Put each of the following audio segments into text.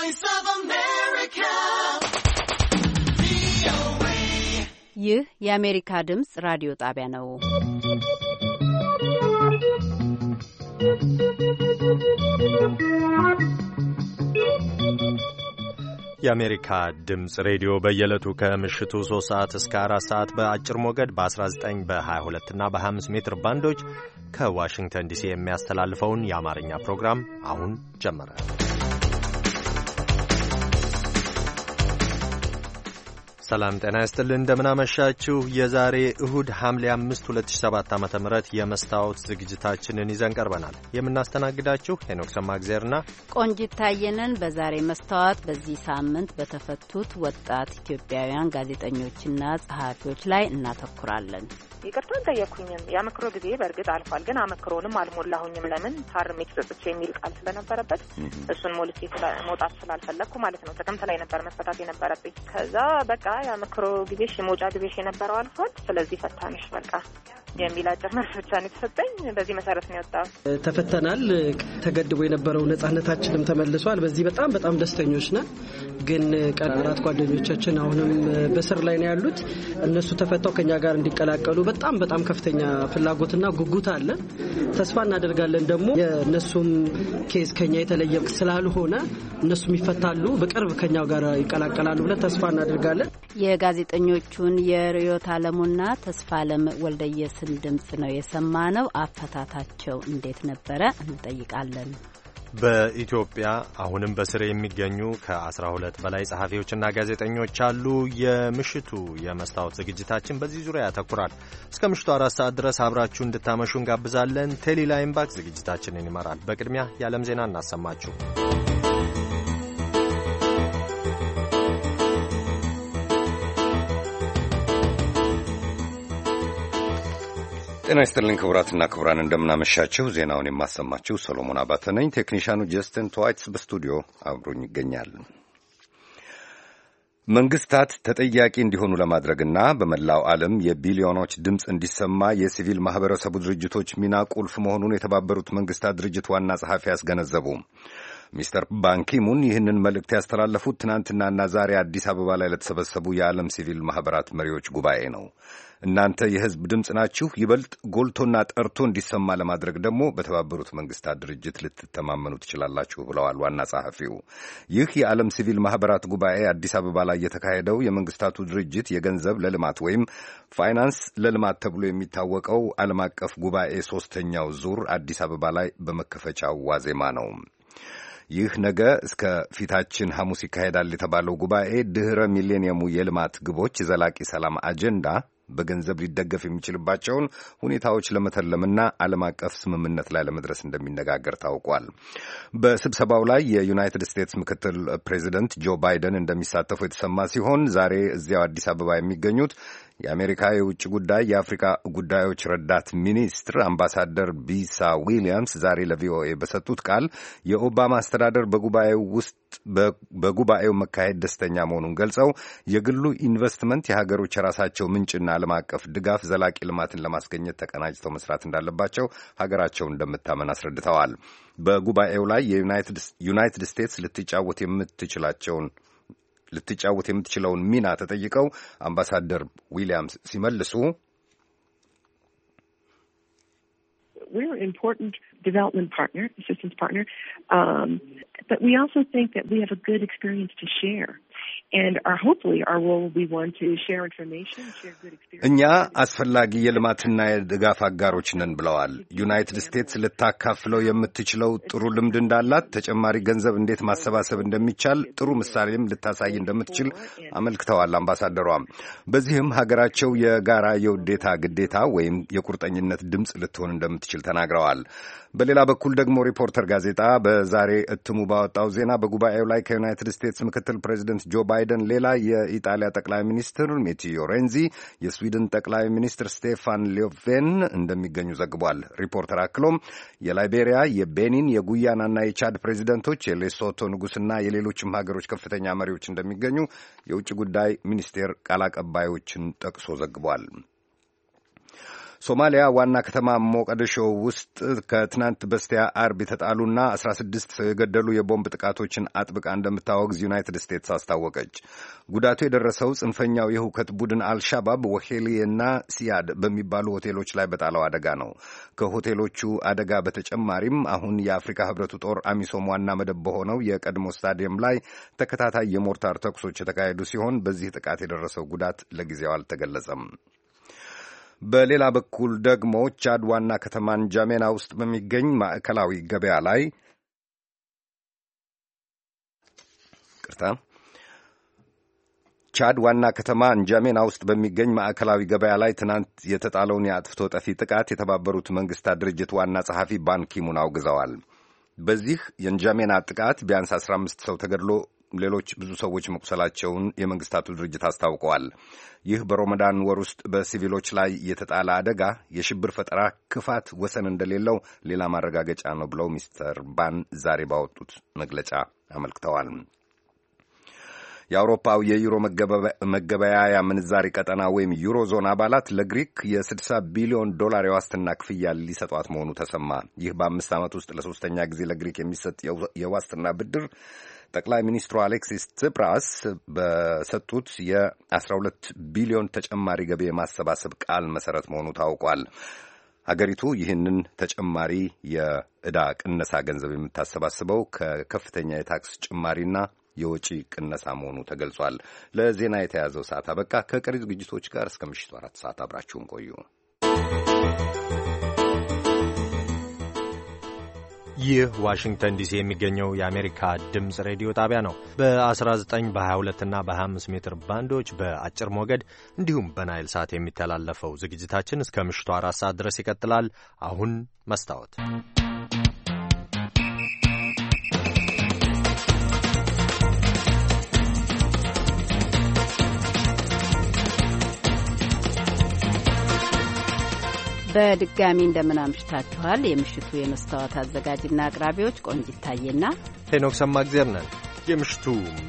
Voice of America. ይህ የአሜሪካ ድምፅ ራዲዮ ጣቢያ ነው። የአሜሪካ ድምፅ ሬዲዮ በየዕለቱ ከምሽቱ 3 ሰዓት እስከ 4 ሰዓት በአጭር ሞገድ በ19 በ22 እና በ25 ሜትር ባንዶች ከዋሽንግተን ዲሲ የሚያስተላልፈውን የአማርኛ ፕሮግራም አሁን ጀመረ። ሰላም ጤና ይስጥልን። እንደምናመሻችሁ የዛሬ እሁድ ሐምሌ 5 2007 ዓ ም የመስታወት ዝግጅታችንን ይዘን ቀርበናል። የምናስተናግዳችሁ ሄኖክ ሰማግዜርና ቆንጂት ታየንን። በዛሬ መስታወት በዚህ ሳምንት በተፈቱት ወጣት ኢትዮጵያውያን ጋዜጠኞችና ጸሐፊዎች ላይ እናተኩራለን። ይቅርታ አልጠየቅኩኝም። የአመክሮ ጊዜ በእርግጥ አልፏል፣ ግን አመክሮንም አልሞላሁኝም። ለምን ታርሜ ተጸጽቼ የሚል ቃል ስለነበረበት እሱን ሞልቼ መውጣት ስላልፈለግኩ ማለት ነው። ጥቅምት ላይ ነበር መፈታት የነበረብኝ። ከዛ በቃ የአመክሮ ጊዜሽ የመውጫ ጊዜሽ የነበረው አልፏል፣ ስለዚህ ፈታንሽ በቃ የሚል አጭር መልስ ብቻ ነው የተሰጠኝ። በዚህ መሰረት ነው የወጣሁት። ተፈተናል። ተገድቦ የነበረው ነጻነታችንም ተመልሷል። በዚህ በጣም በጣም ደስተኞች ነን። ግን ቀን አራት ጓደኞቻችን አሁንም በስር ላይ ነው ያሉት። እነሱ ተፈታው ከኛ ጋር እንዲቀላቀሉ በጣም በጣም ከፍተኛ ፍላጎትና ጉጉት አለ። ተስፋ እናደርጋለን ደግሞ የእነሱም ኬዝ ከኛ የተለየ ስላልሆነ እነሱም ይፈታሉ፣ በቅርብ ከኛው ጋር ይቀላቀላሉ ብለን ተስፋ እናደርጋለን። የጋዜጠኞቹን የርዕዮት አለሙና ተስፋ አለም ወልደየስ የወጣትን ድምፅ ነው የሰማነው። አፈታታቸው እንዴት ነበረ እንጠይቃለን። በኢትዮጵያ አሁንም በስር የሚገኙ ከ12 በላይ ጸሐፊዎችና ጋዜጠኞች አሉ። የምሽቱ የመስታወት ዝግጅታችን በዚህ ዙሪያ ያተኩራል። እስከ ምሽቱ አራት ሰዓት ድረስ አብራችሁ እንድታመሹ እንጋብዛለን። ቴሌ ላይምባክ ዝግጅታችንን ይመራል። በቅድሚያ የዓለም ዜና እናሰማችሁ። ጤና ይስጥልኝ ክቡራትና ክቡራን፣ እንደምናመሻቸው ዜናውን የማሰማቸው ሰሎሞን አባተ ነኝ። ቴክኒሻኑ ጀስትን ተዋይትስ በስቱዲዮ አብሮኝ ይገኛል። መንግስታት ተጠያቂ እንዲሆኑ ለማድረግና በመላው ዓለም የቢሊዮኖች ድምፅ እንዲሰማ የሲቪል ማኅበረሰቡ ድርጅቶች ሚና ቁልፍ መሆኑን የተባበሩት መንግስታት ድርጅት ዋና ጸሐፊ አስገነዘቡ። ሚስተር ባንኪሙን ይህንን መልእክት ያስተላለፉት ትናንትናና ዛሬ አዲስ አበባ ላይ ለተሰበሰቡ የዓለም ሲቪል ማኅበራት መሪዎች ጉባኤ ነው። እናንተ የህዝብ ድምፅ ናችሁ። ይበልጥ ጎልቶና ጠርቶ እንዲሰማ ለማድረግ ደግሞ በተባበሩት መንግስታት ድርጅት ልትተማመኑ ትችላላችሁ ብለዋል ዋና ጸሐፊው። ይህ የዓለም ሲቪል ማኅበራት ጉባኤ አዲስ አበባ ላይ የተካሄደው የመንግስታቱ ድርጅት የገንዘብ ለልማት ወይም ፋይናንስ ለልማት ተብሎ የሚታወቀው ዓለም አቀፍ ጉባኤ ሦስተኛው ዙር አዲስ አበባ ላይ በመከፈቻው ዋዜማ ነው። ይህ ነገ እስከ ፊታችን ሐሙስ ይካሄዳል የተባለው ጉባኤ ድኅረ ሚሌኒየሙ የልማት ግቦች ዘላቂ ሰላም አጀንዳ በገንዘብ ሊደገፍ የሚችልባቸውን ሁኔታዎች ለመተለምና ዓለም አቀፍ ስምምነት ላይ ለመድረስ እንደሚነጋገር ታውቋል። በስብሰባው ላይ የዩናይትድ ስቴትስ ምክትል ፕሬዚደንት ጆ ባይደን እንደሚሳተፉ የተሰማ ሲሆን ዛሬ እዚያው አዲስ አበባ የሚገኙት የአሜሪካ የውጭ ጉዳይ የአፍሪካ ጉዳዮች ረዳት ሚኒስትር አምባሳደር ቢሳ ዊሊያምስ ዛሬ ለቪኦኤ በሰጡት ቃል የኦባማ አስተዳደር በጉባኤው ውስጥ በጉባኤው መካሄድ ደስተኛ መሆኑን ገልጸው የግሉ ኢንቨስትመንት የሀገሮች የራሳቸው ምንጭና ዓለም አቀፍ ድጋፍ ዘላቂ ልማትን ለማስገኘት ተቀናጅተው መስራት እንዳለባቸው ሀገራቸው እንደምታመን አስረድተዋል። በጉባኤው ላይ የዩናይትድ ስቴትስ ልትጫወት የምትችላቸውን ልትጫወት የምትችለውን ሚና ተጠይቀው አምባሳደር ዊሊያምስ ሲመልሱ we're an important development partner, assistance partner, um, but we also think that we have a good experience to share እኛ አስፈላጊ የልማትና የድጋፍ አጋሮች ነን ብለዋል። ዩናይትድ ስቴትስ ልታካፍለው የምትችለው ጥሩ ልምድ እንዳላት፣ ተጨማሪ ገንዘብ እንዴት ማሰባሰብ እንደሚቻል ጥሩ ምሳሌም ልታሳይ እንደምትችል አመልክተዋል አምባሳደሯም። በዚህም ሀገራቸው የጋራ የውዴታ ግዴታ ወይም የቁርጠኝነት ድምፅ ልትሆን እንደምትችል ተናግረዋል። በሌላ በኩል ደግሞ ሪፖርተር ጋዜጣ በዛሬ እትሙ ባወጣው ዜና በጉባኤው ላይ ከዩናይትድ ስቴትስ ምክትል ፕሬዚደንት ጆ ባይደን ሌላ የኢጣሊያ ጠቅላይ ሚኒስትር ሜቲዮ ሬንዚ፣ የስዊድን ጠቅላይ ሚኒስትር ስቴፋን ሎቬን እንደሚገኙ ዘግቧል። ሪፖርተር አክሎም የላይቤሪያ፣ የቤኒን፣ የጉያናና የቻድ ፕሬዚደንቶች፣ የሌሶቶ ንጉሥና የሌሎችም ሀገሮች ከፍተኛ መሪዎች እንደሚገኙ የውጭ ጉዳይ ሚኒስቴር ቃል አቀባዮችን ጠቅሶ ዘግቧል። ሶማሊያ ዋና ከተማ ሞቀደሾ ውስጥ ከትናንት በስቲያ አርብ የተጣሉና 16 ሰው የገደሉ የቦምብ ጥቃቶችን አጥብቃ እንደምታወግዝ ዩናይትድ ስቴትስ አስታወቀች። ጉዳቱ የደረሰው ጽንፈኛው የሁከት ቡድን አልሻባብ ወሄሊና ሲያድ በሚባሉ ሆቴሎች ላይ በጣለው አደጋ ነው። ከሆቴሎቹ አደጋ በተጨማሪም አሁን የአፍሪካ ህብረቱ ጦር አሚሶም ዋና መደብ በሆነው የቀድሞ ስታዲየም ላይ ተከታታይ የሞርታር ተኩሶች የተካሄዱ ሲሆን በዚህ ጥቃት የደረሰው ጉዳት ለጊዜው አልተገለጸም። በሌላ በኩል ደግሞ ቻድ ዋና ከተማን ጃሜና ውስጥ በሚገኝ ማዕከላዊ ገበያ ላይ ቅርታ ቻድ ዋና ከተማ እንጃሜና ውስጥ በሚገኝ ማዕከላዊ ገበያ ላይ ትናንት የተጣለውን የአጥፍቶ ጠፊ ጥቃት የተባበሩት መንግስታት ድርጅት ዋና ጸሐፊ ባንኪሙን አውግዘዋል። በዚህ የእንጃሜና ጥቃት ቢያንስ 15 ሰው ተገድሎ ሌሎች ብዙ ሰዎች መቁሰላቸውን የመንግስታቱ ድርጅት አስታውቀዋል። ይህ በሮመዳን ወር ውስጥ በሲቪሎች ላይ የተጣለ አደጋ የሽብር ፈጠራ ክፋት ወሰን እንደሌለው ሌላ ማረጋገጫ ነው ብለው ሚስተር ባን ዛሬ ባወጡት መግለጫ አመልክተዋል። የአውሮፓው የዩሮ መገበያያ ምንዛሪ ቀጠና ወይም ዩሮ ዞን አባላት ለግሪክ የ60 ቢሊዮን ዶላር የዋስትና ክፍያ ሊሰጧት መሆኑ ተሰማ። ይህ በአምስት ዓመት ውስጥ ለሶስተኛ ጊዜ ለግሪክ የሚሰጥ የዋስትና ብድር ጠቅላይ ሚኒስትሩ አሌክሲስ tsiፕራስ በሰጡት የ12 ቢሊዮን ተጨማሪ ገቢ የማሰባሰብ ቃል መሰረት መሆኑ ታውቋል። ሀገሪቱ ይህንን ተጨማሪ የዕዳ ቅነሳ ገንዘብ የምታሰባስበው ከከፍተኛ የታክስ ጭማሪና የወጪ ቅነሳ መሆኑ ተገልጿል። ለዜና የተያዘው ሰዓት አበቃ። ከቀሪ ዝግጅቶች ጋር እስከ ምሽቱ አራት ሰዓት አብራችሁን ቆዩ። ይህ ዋሽንግተን ዲሲ የሚገኘው የአሜሪካ ድምፅ ሬዲዮ ጣቢያ ነው። በ19 በ22 እና በ25 ሜትር ባንዶች በአጭር ሞገድ እንዲሁም በናይል ሳት የሚተላለፈው ዝግጅታችን እስከ ምሽቱ አራት ሰዓት ድረስ ይቀጥላል። አሁን መስታወት በድጋሚ እንደምናምሽታችኋል። የምሽቱ የመስታወት አዘጋጅና አቅራቢዎች ቆንጅ ይታየና ሄኖክ ሰማግዜር ነን። የምሽቱ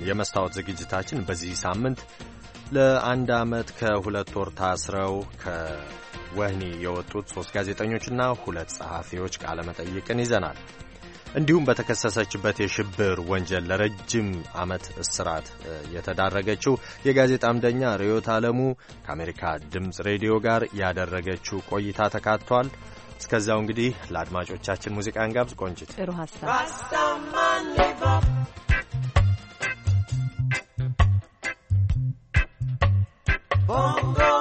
የመስታወት ዝግጅታችን በዚህ ሳምንት ለአንድ ዓመት ከሁለት ወር ታስረው ከወህኒ የወጡት ሶስት ጋዜጠኞችና ሁለት ጸሐፊዎች ቃለ መጠይቅን ይዘናል። እንዲሁም በተከሰሰችበት የሽብር ወንጀል ለረጅም ዓመት እስራት የተዳረገችው የጋዜጣ አምደኛ ርዮት አለሙ ከአሜሪካ ድምፅ ሬዲዮ ጋር ያደረገችው ቆይታ ተካቷል። እስከዚያው እንግዲህ ለአድማጮቻችን ሙዚቃ። እንጋብዝ። ቆንጅት ጥሩ ሀሳብ Bongo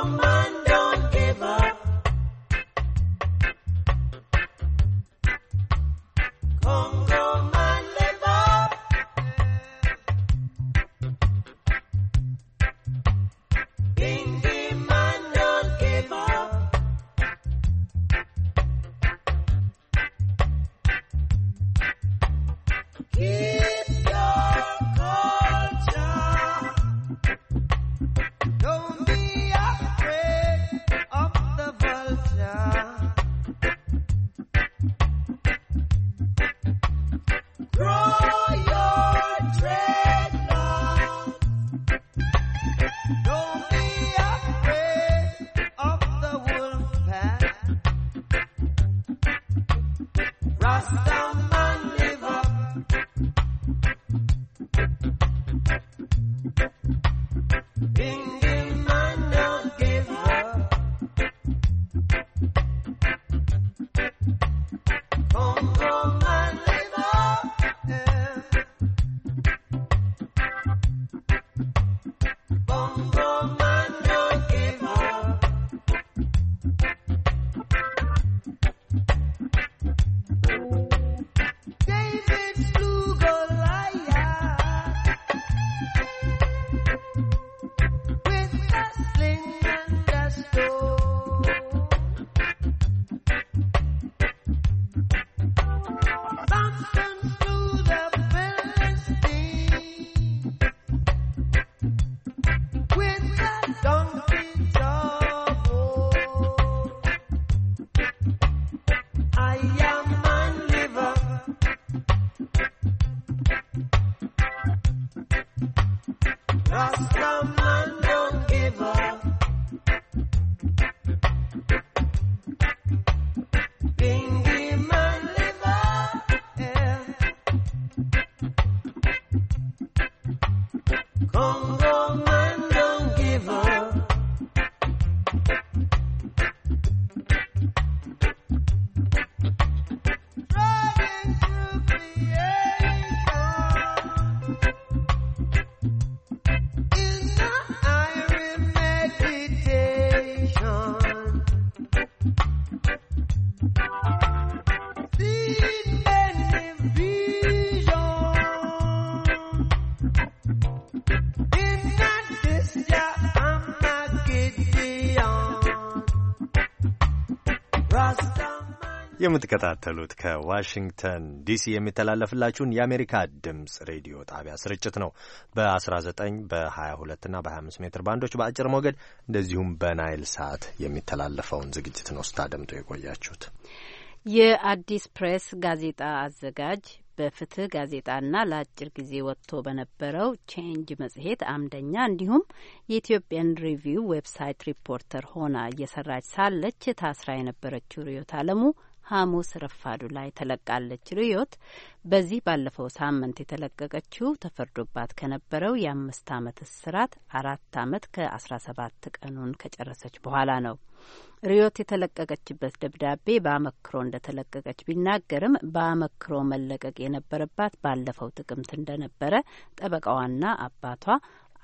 የምትከታተሉት ከዋሽንግተን ዲሲ የሚተላለፍላችሁን የአሜሪካ ድምፅ ሬዲዮ ጣቢያ ስርጭት ነው። በ19 በ22 እና በ25 ሜትር ባንዶች በአጭር ሞገድ እንደዚሁም በናይል ሳት የሚተላለፈውን ዝግጅት ነው ስታደምጦ የቆያችሁት። የአዲስ ፕሬስ ጋዜጣ አዘጋጅ በፍትህ ጋዜጣና ለአጭር ጊዜ ወጥቶ በነበረው ቼንጅ መጽሔት አምደኛ እንዲሁም የኢትዮጵያን ሪቪው ዌብሳይት ሪፖርተር ሆና እየሰራች ሳለች ታስራ የነበረችው ርዕዮት አለሙ ሐሙስ ረፋዱ ላይ ተለቃለች። ርዮት በዚህ ባለፈው ሳምንት የተለቀቀችው ተፈርዶባት ከነበረው የአምስት አመት እስራት አራት አመት ከአስራ ሰባት ቀኑን ከጨረሰች በኋላ ነው። ርዮት የተለቀቀችበት ደብዳቤ በአመክሮ እንደተለቀቀች ቢናገርም በአመክሮ መለቀቅ የነበረባት ባለፈው ጥቅምት እንደነበረ ጠበቃዋና አባቷ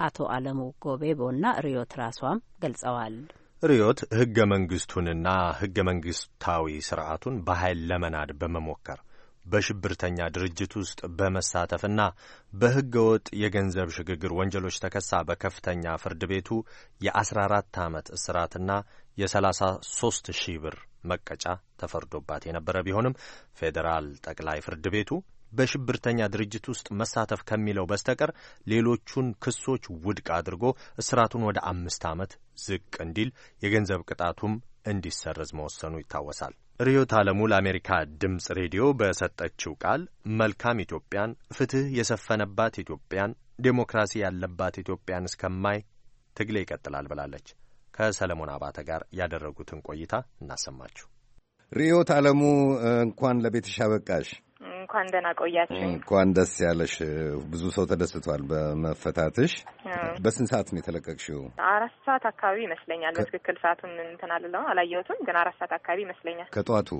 አቶ አለሙ ጎቤቦና ርዮት ራሷም ገልጸዋል። ርዮት ሕገ መንግሥቱንና ሕገ መንግሥታዊ ሥርዓቱን በኃይል ለመናድ በመሞከር በሽብርተኛ ድርጅት ውስጥ በመሳተፍና በሕገ ወጥ የገንዘብ ሽግግር ወንጀሎች ተከሳ በከፍተኛ ፍርድ ቤቱ የ14 ዓመት እስራትና የ33 ሺህ ብር መቀጫ ተፈርዶባት የነበረ ቢሆንም ፌዴራል ጠቅላይ ፍርድ ቤቱ በሽብርተኛ ድርጅት ውስጥ መሳተፍ ከሚለው በስተቀር ሌሎቹን ክሶች ውድቅ አድርጎ እስራቱን ወደ አምስት ዓመት ዝቅ እንዲል የገንዘብ ቅጣቱም እንዲሰረዝ መወሰኑ ይታወሳል። ርዮት አለሙ ለአሜሪካ ድምፅ ሬዲዮ በሰጠችው ቃል መልካም ኢትዮጵያን፣ ፍትህ የሰፈነባት ኢትዮጵያን፣ ዴሞክራሲ ያለባት ኢትዮጵያን እስከማይ ትግሌ ይቀጥላል ብላለች። ከሰለሞን አባተ ጋር ያደረጉትን ቆይታ እናሰማችሁ። ርዮት አለሙ እንኳን ለቤትሽ አበቃሽ። እንኳን ደህና ቆያችሁ። እንኳን ደስ ያለሽ። ብዙ ሰው ተደስቷል በመፈታትሽ። በስንት ሰዓት ነው የተለቀቅሽው? አራት ሰዓት አካባቢ ይመስለኛል። በትክክል ሰዓቱን እንትን አልለውም አላየሁትም፣ ግን አራት ሰዓት አካባቢ ይመስለኛል ከጠዋቱ።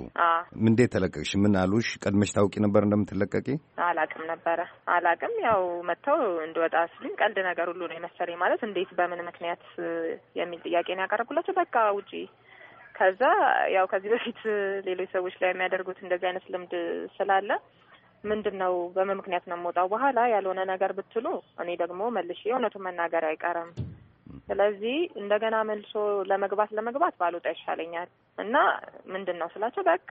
እንዴት ተለቀቅሽ? ምን አሉሽ? ቀድመሽ ታውቂ ነበር እንደምትለቀቂ? አላቅም ነበረ አላቅም። ያው መጥተው እንደወጣ ስልኝ ቀልድ ነገር ሁሉ ነው የመሰለኝ። ማለት እንዴት በምን ምክንያት የሚል ጥያቄ ነው ያቀረብኩላቸው። በቃ ውጪ ከዛ ያው ከዚህ በፊት ሌሎች ሰዎች ላይ የሚያደርጉት እንደዚህ አይነት ልምድ ስላለ ምንድን ነው በምን ምክንያት ነው የምወጣው በኋላ ያልሆነ ነገር ብትሉ እኔ ደግሞ መልሼ እውነቱን መናገር አይቀርም። ስለዚህ እንደገና መልሶ ለመግባት ለመግባት ባልወጣ ይሻለኛል እና ምንድን ነው ስላቸው በቃ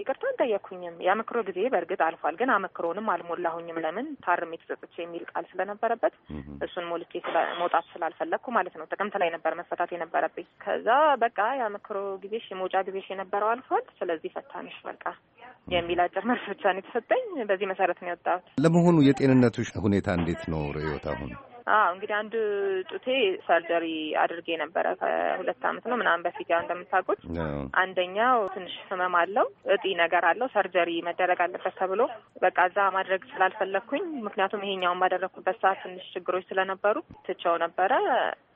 ይቅርታ አልጠየኩኝም። የአመክሮ ጊዜ በእርግጥ አልፏል፣ ግን አመክሮንም አልሞላሁኝም። ለምን ታርሜ ተሰጥቼ የሚል ቃል ስለነበረበት እሱን ሞልቼ መውጣት ስላልፈለግኩ ማለት ነው። ጥቅምት ላይ ነበር መፈታት የነበረብኝ። ከዛ በቃ የአመክሮ ጊዜሽ የመውጫ ጊዜሽ የነበረው አልፏል፣ ስለዚህ ፈታንሽ በቃ የሚል አጭር መልስ ብቻ ነው የተሰጠኝ። በዚህ መሰረት ነው የወጣሁት። ለመሆኑ የጤንነቱ ሁኔታ እንዴት ነው ርዕዮት አሁን? አዎ እንግዲህ አንድ ጡቴ ሰርጀሪ አድርጌ ነበረ ከሁለት አመት ነው ምናምን በፊት ያው እንደምታውቁት፣ አንደኛው ትንሽ ህመም አለው፣ እጢ ነገር አለው፣ ሰርጀሪ መደረግ አለበት ተብሎ በቃ እዛ ማድረግ ስላልፈለግኩኝ፣ ምክንያቱም ይሄኛውን ባደረግኩበት ሰዓት ትንሽ ችግሮች ስለነበሩ ትቸው ነበረ።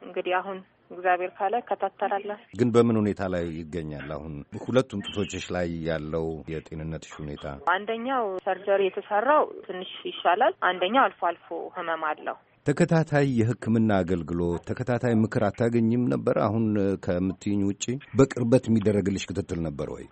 እንግዲህ አሁን እግዚአብሔር ካለ እከታተላለሁ። ግን በምን ሁኔታ ላይ ይገኛል? አሁን ሁለቱም ጡቶችሽ ላይ ያለው የጤንነትሽ ሁኔታ? አንደኛው ሰርጀሪ የተሰራው ትንሽ ይሻላል፣ አንደኛው አልፎ አልፎ ህመም አለው። ተከታታይ የሕክምና አገልግሎት፣ ተከታታይ ምክር አታገኝም ነበር? አሁን ከምትይኝ ውጪ በቅርበት የሚደረግልሽ ክትትል ነበር ወይ?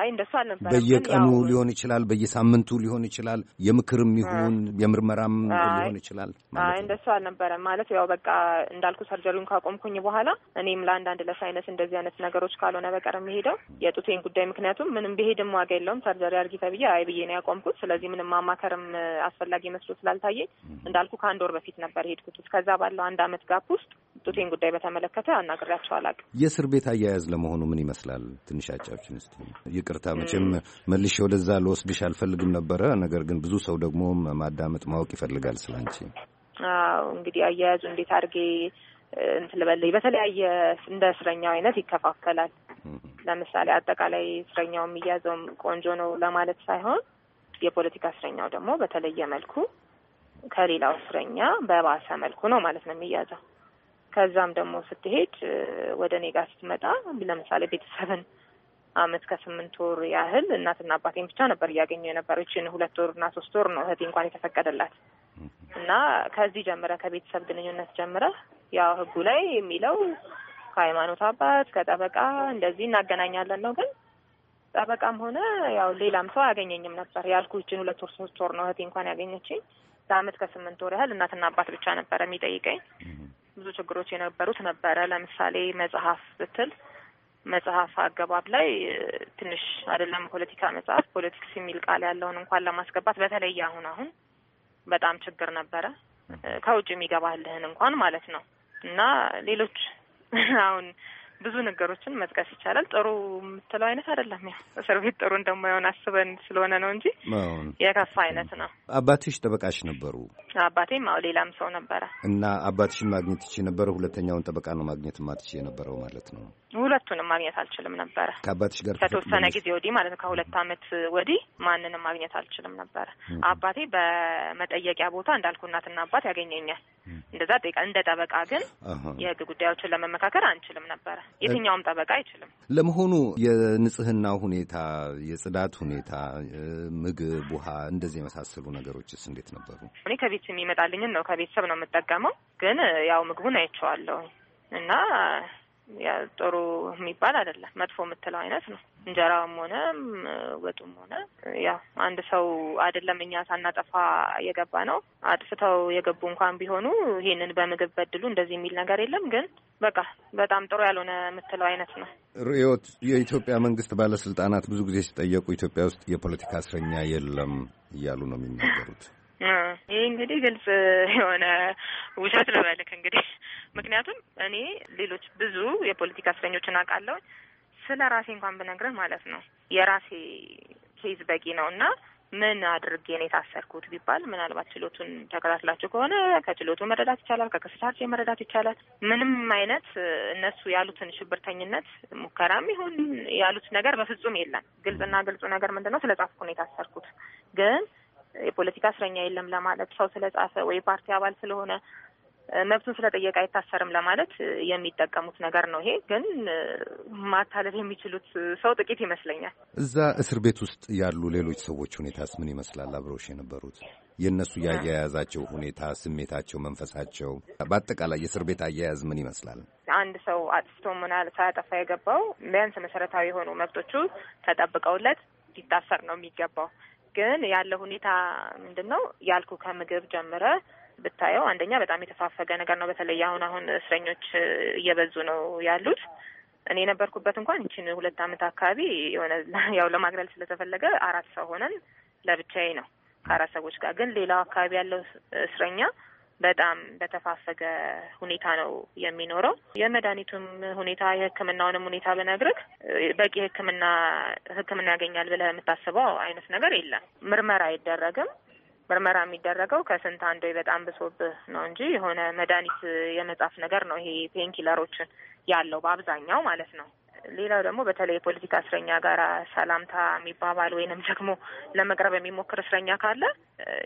አይ እንደሱ አልነበረም። በየቀኑ ሊሆን ይችላል፣ በየሳምንቱ ሊሆን ይችላል፣ የምክርም ይሁን የምርመራም ሊሆን ይችላል። አይ እንደሱ አልነበረም። ማለት ያው በቃ እንዳልኩ ሰርጀሪውን ካቆምኩኝ በኋላ እኔም ለአንዳንድ ለሳይነስ እንደዚህ አይነት ነገሮች ካልሆነ በቀር የሚሄደው የጡቴን ጉዳይ ምክንያቱም ምንም ብሄድም ዋጋ የለውም ሰርጀሪ አድርጊ ተብዬ አይ ብዬ ነው ያቆምኩት። ስለዚህ ምንም ማማከርም አስፈላጊ መስሎ ስላልታየኝ እንዳልኩ ከአንድ ወር በፊት ነበር ሄድኩት። ከዛ ባለው አንድ አመት ጋፕ ውስጥ ጡቴን ጉዳይ በተመለከተ አናግሬያቸው አላውቅም። የእስር ቤት አያያዝ ለመሆኑ ምን ይመስላል? ትንሽ አጫዎችን ስ ይቅርታ መቼም መልሼ ወደዛ ልወስድሽ አልፈልግም ነበረ። ነገር ግን ብዙ ሰው ደግሞ ማዳመጥ ማወቅ ይፈልጋል ስላንቺ። አዎ እንግዲህ አያያዙ እንዴት አድርጌ እንትልበልኝ በተለያየ እንደ እስረኛው አይነት ይከፋፈላል። ለምሳሌ አጠቃላይ እስረኛው የሚያዘውም ቆንጆ ነው ለማለት ሳይሆን የፖለቲካ እስረኛው ደግሞ በተለየ መልኩ ከሌላው እስረኛ በባሰ መልኩ ነው ማለት ነው የሚያዘው። ከዛም ደግሞ ስትሄድ ወደ እኔ ጋር ስትመጣ ለምሳሌ ቤተሰብን አመት ከስምንት ወር ያህል እናትና አባቴን ብቻ ነበር እያገኘ የነበረችን ሁለት ወር እና ሶስት ወር ነው እህቴ እንኳን የተፈቀደላት እና ከዚህ ጀምረ ከቤተሰብ ግንኙነት ጀምረ ያው ህጉ ላይ የሚለው ከሃይማኖት አባት ከጠበቃ እንደዚህ እናገናኛለን ነው። ግን ጠበቃም ሆነ ያው ሌላም ሰው አያገኘኝም ነበር ያልኩችን ሁለት ወር ሶስት ወር ነው እህቴ እንኳን ያገኘችኝ። ለአመት ከስምንት ወር ያህል እናትና አባት ብቻ ነበረ የሚጠይቀኝ። ብዙ ችግሮች የነበሩት ነበረ። ለምሳሌ መጽሐፍ ብትል መጽሐፍ አገባብ ላይ ትንሽ አይደለም ፖለቲካ መጽሐፍ ፖለቲክስ የሚል ቃል ያለውን እንኳን ለማስገባት በተለይ አሁን አሁን በጣም ችግር ነበረ። ከውጭ የሚገባልህን እንኳን ማለት ነው እና ሌሎች አሁን ብዙ ነገሮችን መጥቀስ ይቻላል። ጥሩ የምትለው አይነት አይደለም። ያው እስር ቤት ጥሩ እንደማይሆን አስበን ስለሆነ ነው እንጂ የከፋ አይነት ነው። አባትሽ ጠበቃሽ ነበሩ? አባቴም አው ሌላም ሰው ነበረ እና አባትሽን ማግኘት ይች ነበረ። ሁለተኛውን ጠበቃ ነው ማግኘት ማትች የነበረው ማለት ነው? ሁለቱንም ማግኘት አልችልም ነበረ። ከአባትሽ ጋር ከተወሰነ ጊዜ ወዲህ ማለት ነው፣ ከሁለት አመት ወዲህ ማንንም ማግኘት አልችልም ነበረ። አባቴ በመጠየቂያ ቦታ እንዳልኩ እናትና አባት ያገኘኛል። እንደዛ እንደ ጠበቃ ግን የህግ ጉዳዮችን ለመመካከር አንችልም ነበረ። የትኛውም ጠበቃ አይችልም። ለመሆኑ የንጽህና ሁኔታ፣ የጽዳት ሁኔታ፣ ምግብ፣ ውሃ እንደዚህ የመሳሰሉ ነገሮችስ እንዴት ነበሩ? እኔ ከቤት የሚመጣልኝን ነው ከቤተሰብ ነው የምጠቀመው። ግን ያው ምግቡን አይቼዋለሁ እና ጥሩ የሚባል አይደለም። መጥፎ የምትለው አይነት ነው። እንጀራም ሆነ ወጡም ሆነ ያው አንድ ሰው አይደለም እኛ ሳናጠፋ የገባ ነው። አጥፍተው የገቡ እንኳን ቢሆኑ ይህንን በምግብ በድሉ እንደዚህ የሚል ነገር የለም። ግን በቃ በጣም ጥሩ ያልሆነ የምትለው አይነት ነው። ርዮት፣ የኢትዮጵያ መንግስት ባለስልጣናት ብዙ ጊዜ ሲጠየቁ ኢትዮጵያ ውስጥ የፖለቲካ እስረኛ የለም እያሉ ነው የሚናገሩት ይህ እንግዲህ ግልጽ የሆነ ውሸት ልበልክ እንግዲህ ምክንያቱም እኔ ሌሎች ብዙ የፖለቲካ እስረኞችን አውቃለሁ። ስለ ራሴ እንኳን ብነግርህ ማለት ነው የራሴ ኬዝ በቂ ነው እና ምን አድርጌ ነው የታሰርኩት ቢባል ምናልባት ችሎቱን ተከታትላችሁ ከሆነ ከችሎቱ መረዳት ይቻላል፣ ከክስ መረዳት ይቻላል። ምንም አይነት እነሱ ያሉትን ሽብርተኝነት ሙከራም ይሁን ያሉት ነገር በፍጹም የለም። ግልጽና ግልጹ ነገር ምንድን ነው? ስለ ጻፍኩ ነው የታሰርኩት ግን የፖለቲካ እስረኛ የለም ለማለት ሰው ስለጻፈ ወይ ፓርቲ አባል ስለሆነ መብቱን ስለጠየቀ አይታሰርም ለማለት የሚጠቀሙት ነገር ነው። ይሄ ግን ማታለፍ የሚችሉት ሰው ጥቂት ይመስለኛል። እዛ እስር ቤት ውስጥ ያሉ ሌሎች ሰዎች ሁኔታስ ምን ይመስላል? አብረውሽ የነበሩት የእነሱ የአያያዛቸው ሁኔታ፣ ስሜታቸው፣ መንፈሳቸው፣ በአጠቃላይ የእስር ቤት አያያዝ ምን ይመስላል? አንድ ሰው አጥፍቶ ምናል ሳያጠፋ የገባው ቢያንስ መሰረታዊ የሆኑ መብቶቹ ተጠብቀውለት ሊታሰር ነው የሚገባው። ግን ያለ ሁኔታ ምንድን ነው ያልኩ ከምግብ ጀምረ ብታየው አንደኛ በጣም የተፋፈገ ነገር ነው። በተለይ አሁን አሁን እስረኞች እየበዙ ነው ያሉት። እኔ የነበርኩበት እንኳን ይችን ሁለት ዓመት አካባቢ የሆነ ያው ለማግለል ስለተፈለገ አራት ሰው ሆነን ለብቻዬ ነው ከአራት ሰዎች ጋር ግን ሌላው አካባቢ ያለው እስረኛ በጣም በተፋፈገ ሁኔታ ነው የሚኖረው። የመድኃኒቱም ሁኔታ የሕክምናውንም ሁኔታ ብነግርህ በቂ ሕክምና ሕክምና ያገኛል ብለህ የምታስበው አይነት ነገር የለም። ምርመራ አይደረግም። ምርመራ የሚደረገው ከስንት አንዱ በጣም ብሶብህ ነው እንጂ የሆነ መድኃኒት የመጻፍ ነገር ነው። ይሄ ፔንኪለሮችን ያለው በአብዛኛው ማለት ነው። ሌላው ደግሞ በተለይ የፖለቲካ እስረኛ ጋር ሰላምታ የሚባባል ወይንም ደግሞ ለመቅረብ የሚሞክር እስረኛ ካለ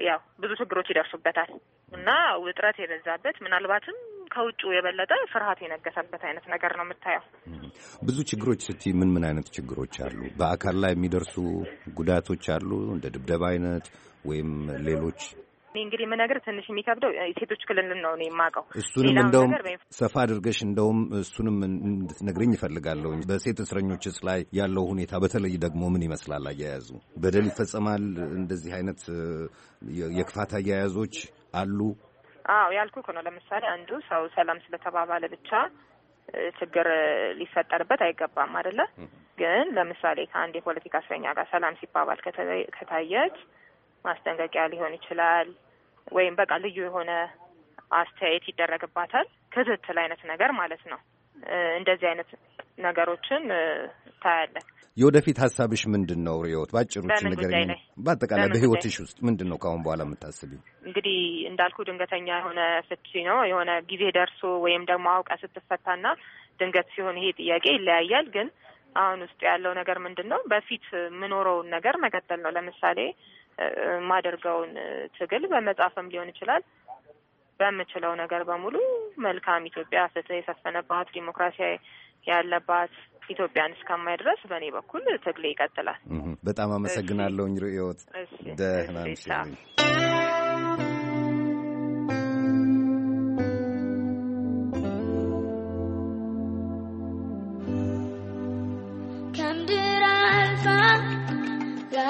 ያው ብዙ ችግሮች ይደርሱበታል እና ውጥረት የበዛበት ምናልባትም ከውጭ የበለጠ ፍርሃት የነገሰበት አይነት ነገር ነው የምታየው። ብዙ ችግሮች ስቲ ምን ምን አይነት ችግሮች አሉ? በአካል ላይ የሚደርሱ ጉዳቶች አሉ እንደ ድብደባ አይነት ወይም ሌሎች እኔ እንግዲህ የምነግር ትንሽ የሚከብደው ሴቶች ክልልን ነው እኔ የማውቀው። እሱንም እንደውም ሰፋ አድርገሽ እንደውም እሱንም እንድትነግርኝ ይፈልጋለሁ። በሴት እስረኞችስ ላይ ያለው ሁኔታ በተለይ ደግሞ ምን ይመስላል? አያያዙ በደል ይፈጸማል? እንደዚህ አይነት የክፋት አያያዞች አሉ? አዎ ያልኩህ ነው። ለምሳሌ አንዱ ሰው ሰላም ስለተባባለ ብቻ ችግር ሊፈጠርበት አይገባም አይደለ? ግን ለምሳሌ ከአንድ የፖለቲካ እስረኛ ጋር ሰላም ሲባባል ከታየች ማስጠንቀቂያ ሊሆን ይችላል። ወይም በቃ ልዩ የሆነ አስተያየት ይደረግባታል። ክትትል አይነት ነገር ማለት ነው። እንደዚህ አይነት ነገሮችን ታያለን። የወደፊት ሀሳብሽ ምንድን ነው ሪዮት? በአጭሮቹ ነገር በአጠቃላይ በህይወትሽ ውስጥ ምንድን ነው ከአሁን በኋላ የምታስቢው? እንግዲህ እንዳልኩ ድንገተኛ የሆነ ፍቺ ነው የሆነ ጊዜ ደርሶ ወይም ደግሞ አውቀ ስትፈታና ድንገት ሲሆን ይሄ ጥያቄ ይለያያል። ግን አሁን ውስጥ ያለው ነገር ምንድን ነው? በፊት የምኖረውን ነገር መቀጠል ነው። ለምሳሌ ማደርገውን ትግል በመጻፍም ሊሆን ይችላል በምችለው ነገር በሙሉ መልካም ኢትዮጵያ ፍትህ የሰፈነባት ዲሞክራሲ ያለባት ኢትዮጵያን እስከማይ ድረስ በእኔ በኩል ትግሌ ይቀጥላል። በጣም አመሰግናለሁኝ ርዕዮት ደህና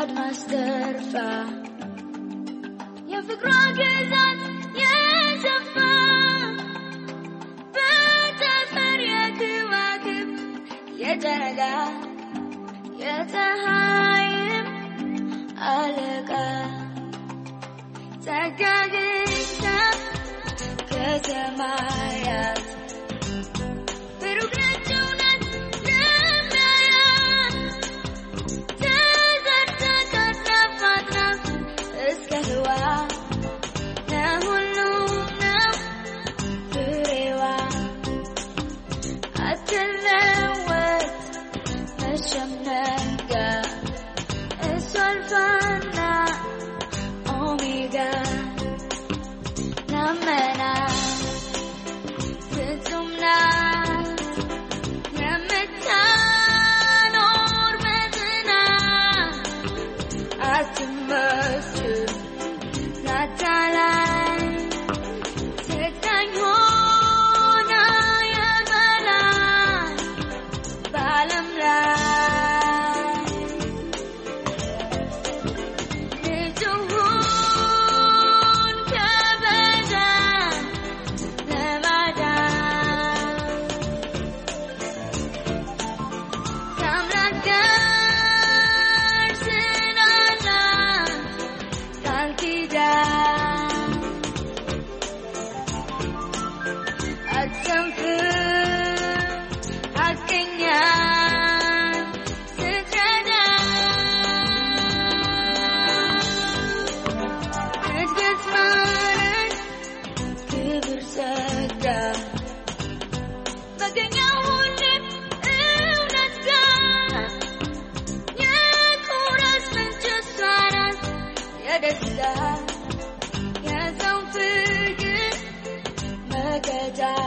ከአድማስ የፍቅሯ ግዛት የሰፋ በጠፈር የከዋክብት የጨረቃ የፀሐይም አለቃ ጸጋ ግኝታ ከሰማያ job.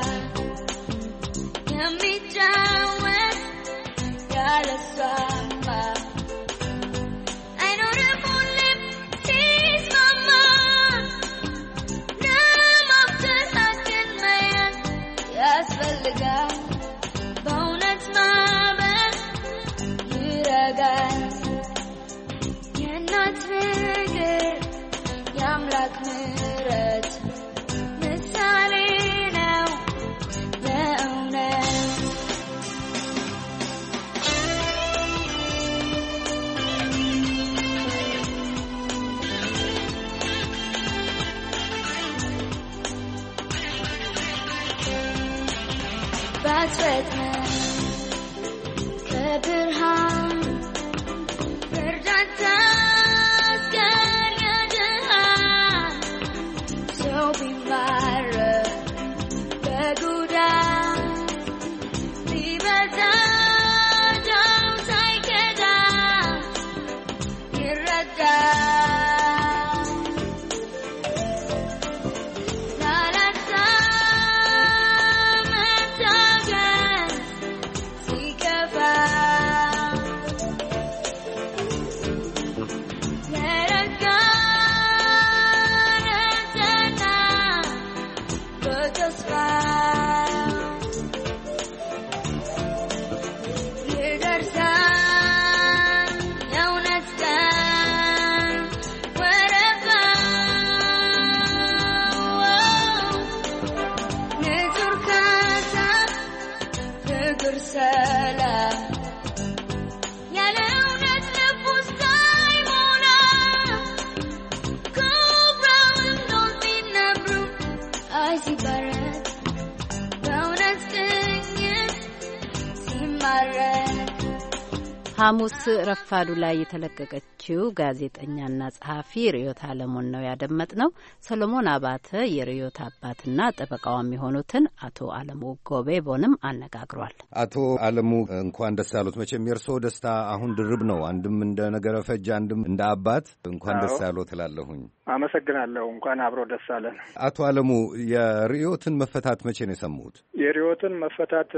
ሐሙስ ረፋዱ ላይ የተለቀቀችው ጋዜጠኛና ጸሐፊ ርዮት አለሙን ነው ያደመጥ ነው። ሰሎሞን አባተ የርዮት አባትና ጠበቃዋም የሆኑትን አቶ አለሙ ጎቤቦንም አነጋግሯል። አቶ አለሙ እንኳን ደስ ያሉት። መቼም የእርስዎ ደስታ አሁን ድርብ ነው። አንድም እንደ ነገረ ፈጅ፣ አንድም እንደ አባት እንኳን ደስ ያለው ትላለሁኝ። አመሰግናለሁ። እንኳን አብሮ ደስ አለን። አቶ አለሙ የርዮትን መፈታት መቼ ነው የሰማሁት? የርዮትን መፈታት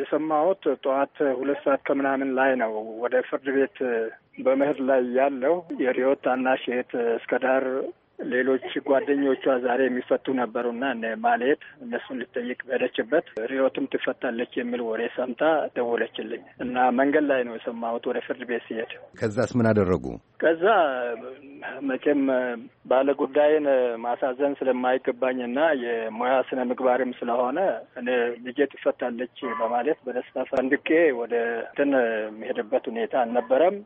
የሰማሁት ጠዋት ሁለት ሰዓት ከምናምን ላይ ነው። ወደ ፍርድ ቤት በመሄድ ላይ ያለው የሪዮት ታናሽ እህት እስከዳር ሌሎች ጓደኞቿ ዛሬ የሚፈቱ ነበሩና ማለት እነሱን ልጠይቅ በሄደችበት ሪዮትም ትፈታለች የሚል ወሬ ሰምታ ደወለችልኝ እና መንገድ ላይ ነው የሰማሁት ወደ ፍርድ ቤት ሲሄድ። ከዛስ ምን አደረጉ? ከዛ መቼም ባለ ጉዳይን ማሳዘን ስለማይገባኝ እና የሙያ ስነ ምግባርም ስለሆነ እኔ ልጄ ትፈታለች በማለት በደስታ ፈንድቄ ወደ እንትን የሚሄድበት ሁኔታ አልነበረም።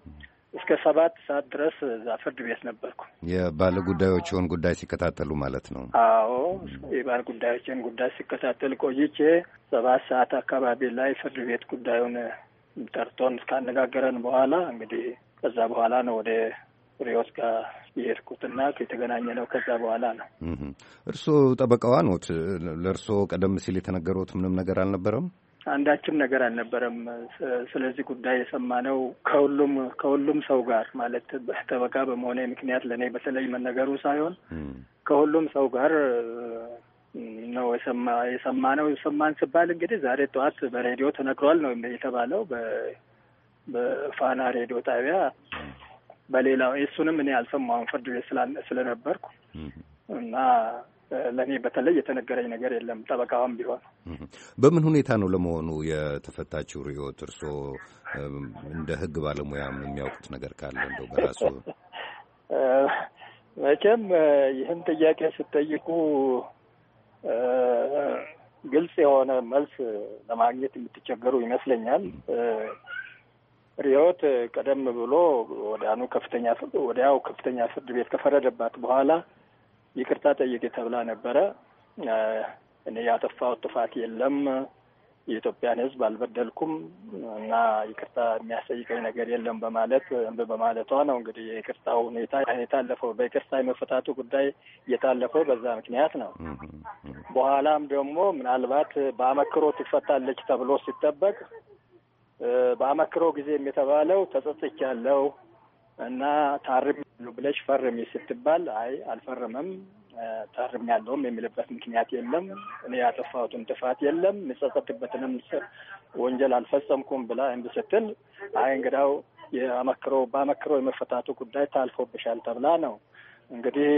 እስከ ሰባት ሰዓት ድረስ እዛ ፍርድ ቤት ነበርኩ። የባለ ጉዳዮችን ጉዳይ ሲከታተሉ ማለት ነው? አዎ የባለ ጉዳዮችን ጉዳይ ሲከታተል ቆይቼ ሰባት ሰዓት አካባቢ ላይ ፍርድ ቤት ጉዳዩን ጠርቶን እስካነጋገረን በኋላ እንግዲህ ከዛ በኋላ ነው ወደ ሪዮት ጋር የሄድኩትና የተገናኘ ነው። ከዛ በኋላ ነው። እርስዎ ጠበቃዋ ኖት። ለእርስዎ ቀደም ሲል የተነገሩት ምንም ነገር አልነበረም? አንዳችም ነገር አልነበረም። ስለዚህ ጉዳይ የሰማነው ከሁሉም ከሁሉም ሰው ጋር ማለት ጠበቃ በመሆነ ምክንያት ለእኔ በተለይ መነገሩ ሳይሆን ከሁሉም ሰው ጋር ነው የሰማ የሰማ ነው የሰማን ስባል እንግዲህ ዛሬ ጠዋት በሬዲዮ ተነግሯል ነው የተባለው በፋና ሬዲዮ ጣቢያ በሌላው እሱንም እኔ አልሰማሁም ፍርድ ቤት ስለነበርኩ እና ለእኔ በተለይ የተነገረኝ ነገር የለም። ጠበቃዋም ቢሆን በምን ሁኔታ ነው ለመሆኑ የተፈታችው ርዮት? እርስዎ እንደ ህግ ባለሙያም የሚያውቁት ነገር ካለ እንደው በራሱ መቼም ይህን ጥያቄ ስጠይቁ ግልጽ የሆነ መልስ ለማግኘት የምትቸገሩ ይመስለኛል። ሪዮት ቀደም ብሎ ወዲያኑ ከፍተኛ ወዲያው ከፍተኛ ፍርድ ቤት ከፈረደባት በኋላ ይቅርታ ጠይቅ ተብላ ነበረ። እኔ ያጠፋሁት ጥፋት የለም፣ የኢትዮጵያን ሕዝብ አልበደልኩም እና ይቅርታ የሚያስጠይቀኝ ነገር የለም በማለት በማለቷ ነው። እንግዲህ የይቅርታው ሁኔታ የታለፈው በይቅርታ የመፈታቱ ጉዳይ የታለፈው በዛ ምክንያት ነው። በኋላም ደግሞ ምናልባት በአመክሮ ትፈታለች ተብሎ ሲጠበቅ በአመክሮ ጊዜም የተባለው ተጸጽቻለሁ እና ታርም ብለሽ ፈርሚ ስትባል አይ አልፈርምም ታርም ያለውም የሚልበት ምክንያት የለም። እኔ ያጠፋሁትን ጥፋት የለም የምጸጸትበትንም ወንጀል አልፈጸምኩም ብላ እንድ ስትል አይ እንግዳው የአመክሮ በአመክሮ የመፈታቱ ጉዳይ ታልፎብሻል ተብላ ነው እንግዲህ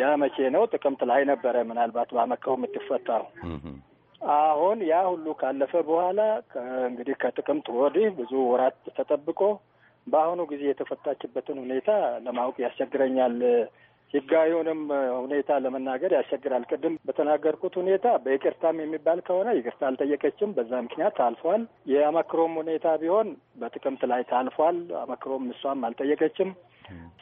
ያ መቼ ነው? ጥቅምት ላይ ነበረ ምናልባት በአመክሮ የምትፈታው። አሁን ያ ሁሉ ካለፈ በኋላ እንግዲህ ከጥቅምት ወዲህ ብዙ ወራት ተጠብቆ በአሁኑ ጊዜ የተፈታችበትን ሁኔታ ለማወቅ ያስቸግረኛል። ህጋዊውንም ሁኔታ ለመናገር ያስቸግራል። ቅድም በተናገርኩት ሁኔታ በይቅርታም የሚባል ከሆነ ይቅርታ አልጠየቀችም፣ በዛ ምክንያት ታልፏል። የአመክሮም ሁኔታ ቢሆን በጥቅምት ላይ ታልፏል። አመክሮም እሷም አልጠየቀችም።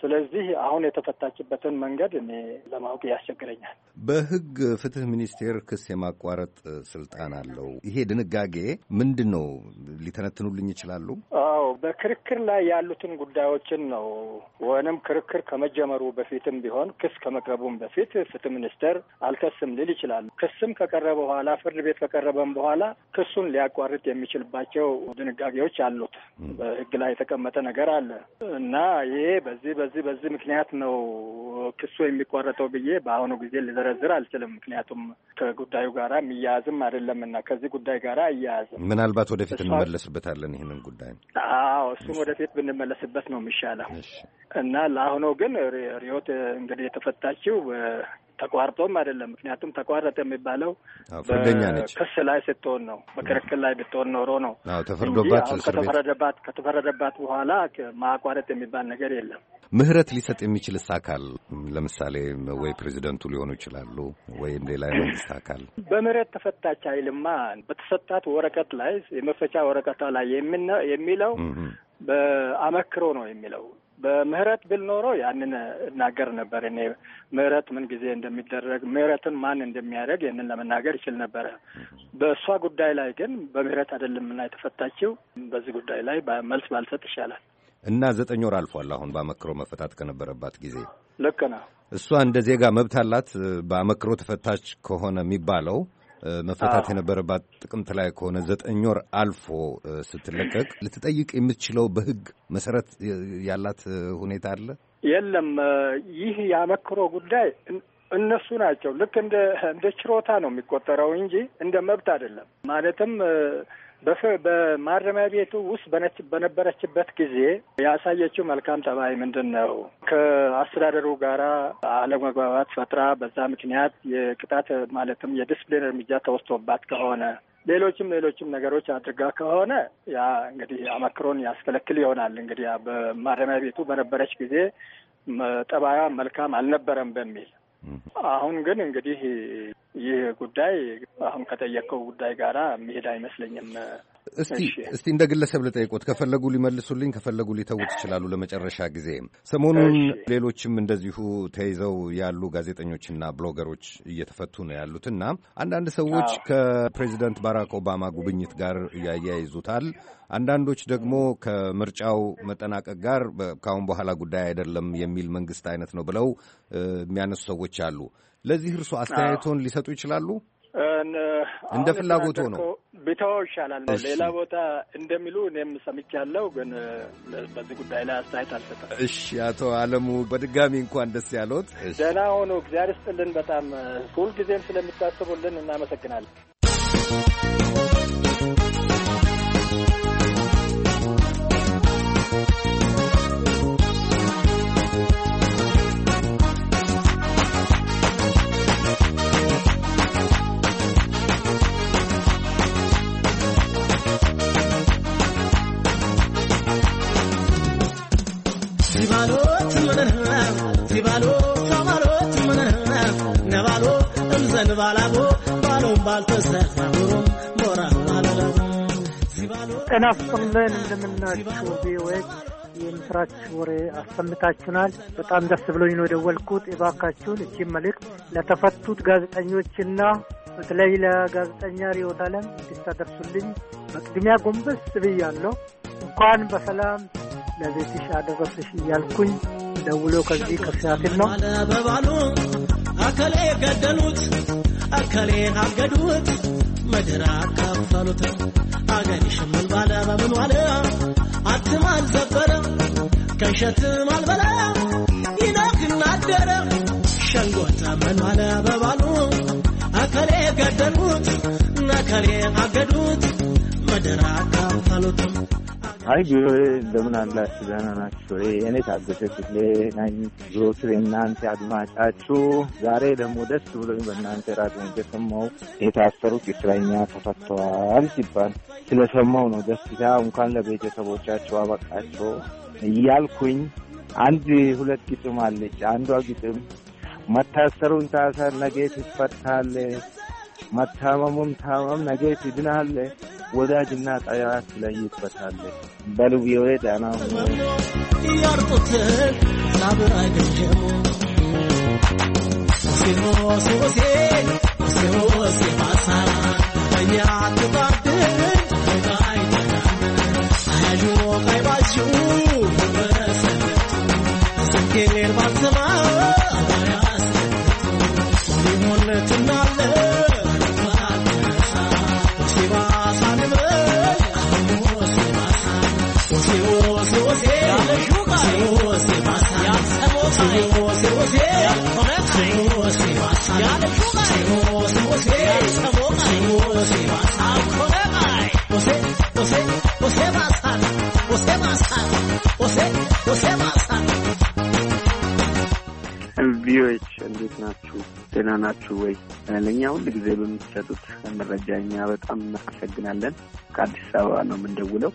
ስለዚህ አሁን የተፈታችበትን መንገድ እኔ ለማወቅ ያስቸግረኛል። በህግ ፍትህ ሚኒስቴር ክስ የማቋረጥ ስልጣን አለው። ይሄ ድንጋጌ ምንድን ነው? ሊተነትኑልኝ ይችላሉ? አዎ፣ በክርክር ላይ ያሉትን ጉዳዮችን ነው ወይንም ክርክር ከመጀመሩ በፊትም ቢሆን አሁን ክስ ከመቅረቡም በፊት ፍትህ ሚኒስቴር አልከስም ሊል ይችላል። ክስም ከቀረበ በኋላ ፍርድ ቤት ከቀረበም በኋላ ክሱን ሊያቋርጥ የሚችልባቸው ድንጋጌዎች አሉት። በህግ ላይ የተቀመጠ ነገር አለ እና ይሄ በዚህ በዚህ በዚህ ምክንያት ነው ክሱ የሚቋረጠው ብዬ በአሁኑ ጊዜ ልዘረዝር አልችልም። ምክንያቱም ከጉዳዩ ጋር የሚያያዝም አይደለም እና ከዚህ ጉዳይ ጋር አያያዝም። ምናልባት ወደፊት እንመለስበታለን ይህንን ጉዳይ። አዎ እሱም ወደፊት ብንመለስበት ነው የሚሻለው እና ለአሁኑ ግን ሪዮት እንግዲህ የተፈታችው ተቋርጦም አይደለም። ምክንያቱም ተቋረጠ የሚባለው ፍርደኛ ነች ክስ ላይ ስትሆን ነው። በክርክር ላይ ብትሆን ኖሮ ነው ተፈርዶባት ከተፈረደባት ከተፈረደባት በኋላ ማቋረጥ የሚባል ነገር የለም። ምህረት ሊሰጥ የሚችል ስ አካል ለምሳሌ ወይ ፕሬዚደንቱ ሊሆኑ ይችላሉ ወይም ሌላ የመንግስት አካል በምህረት ተፈታች አይልማ በተሰጣት ወረቀት ላይ የመፈቻ ወረቀቷ ላይ የሚለው በአመክሮ ነው የሚለው በምህረት ብል ኖሮ ያንን እናገር ነበር። እኔ ምህረት ምን ጊዜ እንደሚደረግ ምህረትን ማን እንደሚያደርግ ይህንን ለመናገር ይችል ነበረ። በእሷ ጉዳይ ላይ ግን በምህረት አይደለም እና የተፈታችው በዚህ ጉዳይ ላይ መልስ ባልሰጥ ይሻላል። እና ዘጠኝ ወር አልፏል። አሁን በአመክሮ መፈታት ከነበረባት ጊዜ ልክ ነው። እሷ እንደ ዜጋ መብት አላት። በአመክሮ ተፈታች ከሆነ የሚባለው መፈታት የነበረባት ጥቅምት ላይ ከሆነ ዘጠኝ ወር አልፎ ስትለቀቅ ልትጠይቅ የምትችለው በህግ መሰረት ያላት ሁኔታ አለ? የለም። ይህ የአመክሮ ጉዳይ እነሱ ናቸው። ልክ እንደ ችሮታ ነው የሚቆጠረው እንጂ እንደ መብት አይደለም። ማለትም በማረሚያ ቤቱ ውስጥ በነበረችበት ጊዜ ያሳየችው መልካም ጠባይ ምንድን ነው? ከአስተዳደሩ ጋር አለመግባባት ፈጥራ በዛ ምክንያት የቅጣት ማለትም የዲስፕሊን እርምጃ ተወስቶባት ከሆነ ሌሎችም ሌሎችም ነገሮች አድርጋ ከሆነ ያ እንግዲህ አመክሮን ያስከለክል ይሆናል። እንግዲህ በማረሚያ ቤቱ በነበረች ጊዜ ጠባያ መልካም አልነበረም በሚል አሁን ግን እንግዲህ ይህ ጉዳይ አሁን ከጠየቀው ጉዳይ ጋራ መሄድ አይመስለኝም። እስቲ እስቲ እንደ ግለሰብ ልጠይቆት ከፈለጉ ሊመልሱልኝ ከፈለጉ ሊተውት ይችላሉ። ለመጨረሻ ጊዜ ሰሞኑን ሌሎችም እንደዚሁ ተይዘው ያሉ ጋዜጠኞችና ብሎገሮች እየተፈቱ ነው ያሉትና አንዳንድ ሰዎች ከፕሬዚደንት ባራክ ኦባማ ጉብኝት ጋር ያያይዙታል። አንዳንዶች ደግሞ ከምርጫው መጠናቀቅ ጋር ከአሁን በኋላ ጉዳይ አይደለም የሚል መንግስት አይነት ነው ብለው የሚያነሱ ሰዎች አሉ። ለዚህ እርሱ አስተያየቶን ሊሰጡ ይችላሉ? እንደ ፍላጎቱ ነው ብተው ይሻላል ነው። ሌላ ቦታ እንደሚሉ እኔም ሰምቻለሁ፣ ግን በዚህ ጉዳይ ላይ አስተያየት አልሰጠም። እሺ፣ አቶ አለሙ በድጋሚ እንኳን ደስ ያለዎት። ደህና ሆኖ እግዚአብሔር ይስጥልን። በጣም ሁልጊዜም ስለሚታስቡልን እናመሰግናለን። ጤና ይስጥልን። እንደምናችሁ ቪኦኤዎች የምስራች ወሬ አሰምታችሁናል። በጣም ደስ ብሎኝ ነው የደወልኩት። እባካችሁን እቺ መልእክት ለተፈቱት ጋዜጠኞችና በተለይ ለጋዜጠኛ ሪዮት አለም እንድታደርሱልኝ በቅድሚያ ጎንበስ ብያለሁ። እንኳን በሰላም ለቤትሽ አደረስሽ እያልኩኝ ደውሎ ከዚህ ከሲያትል ነው አከሌ ገደሉት፣ አከሌን አገዱት፣ ምድር አካፈሉት። አገሪሽ ምን ባለ በምን ዋለ አትም አልዘበረ ከሸትም አልበላ ይናክና አደረ ሸንጎተ ምን ዋለ በባሉ አከሌ ገደሉት፣ ነከሌን አገዱት፣ ምድር አካፈሉት። አይ ቢሮ እንደምን አላችሁ? ደህና ናችሁ? እኔ ታገሰ ክፍሌ ናኝ። ዞትር እናንተ አድማጫችሁ ዛሬ ደግሞ ደስ ብሎኝ በእናንተ ራዲዮ እንደሰማው የታሰሩት እስረኛ ተፈተዋል ሲባል ስለሰማው ነው ደስታ። እንኳን ለቤተሰቦቻቸው አበቃቸው እያልኩኝ አንድ ሁለት ግጥም አለች። አንዷ ግጥም መታሰሩን ታሰር ነገ ትፈታለህ መታመሙም ታመም ነገ ትድናለ። ወዳጅና ጠላት ትለይበታል። በሉ ቢወይ ዳና ያርጡት ሳብር አይደጀሙ ሴሴሴ ሴሴ ባሳ እኛ ትባድን ቪዎች እንዴት ናችሁ? ደህና ናችሁ ወይ? ለእኛ ሁል ጊዜ በምትሰጡት መረጃ እኛ በጣም እናመሰግናለን። ከአዲስ አበባ ነው የምንደውለው።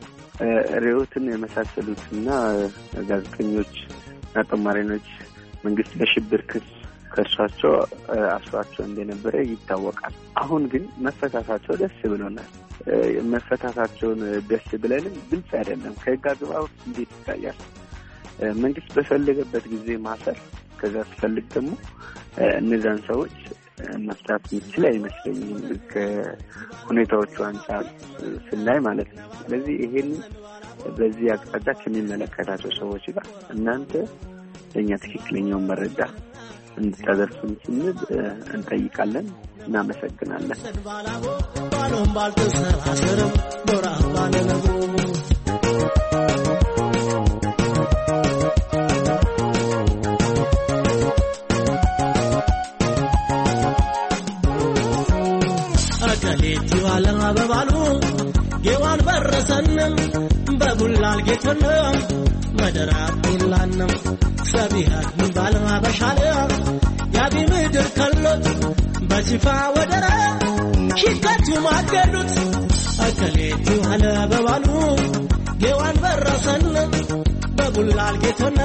ሬዎትን የመሳሰሉትና ጋዜጠኞች እና መንግስት በሽብር ክስ ከእርሷቸው አስሯቸው እንደነበረ ይታወቃል። አሁን ግን መፈታታቸው ደስ ብሎናል። መፈታታቸውን ደስ ብለንም ግልጽ አይደለም ከህግ አግባብ እንዴት ይታያል? መንግስት በፈለገበት ጊዜ ማሰር፣ ከዛ ሲፈልግ ደግሞ እነዛን ሰዎች መፍታት የሚችል አይመስለኝም ከሁኔታዎቹ አንጻር ስናይ ማለት ነው። ስለዚህ ይሄን በዚህ አቅጣጫ ከሚመለከታቸው ሰዎች ጋር እናንተ ለእኛ ትክክለኛውን መረጃ እንድታደርሱን ስንል እንጠይቃለን። እናመሰግናለን። በረሰንም በቡላል know መደራት ሚላንም ሰቢሃት ሚባል ማበሻለ ያቢ ምድር ከሎት በሲፋ ወደረ ሂከቱ ማገዱት እከሌቱ አለ በባሉ ጌዋን በረሰን በጉላል ጌተነ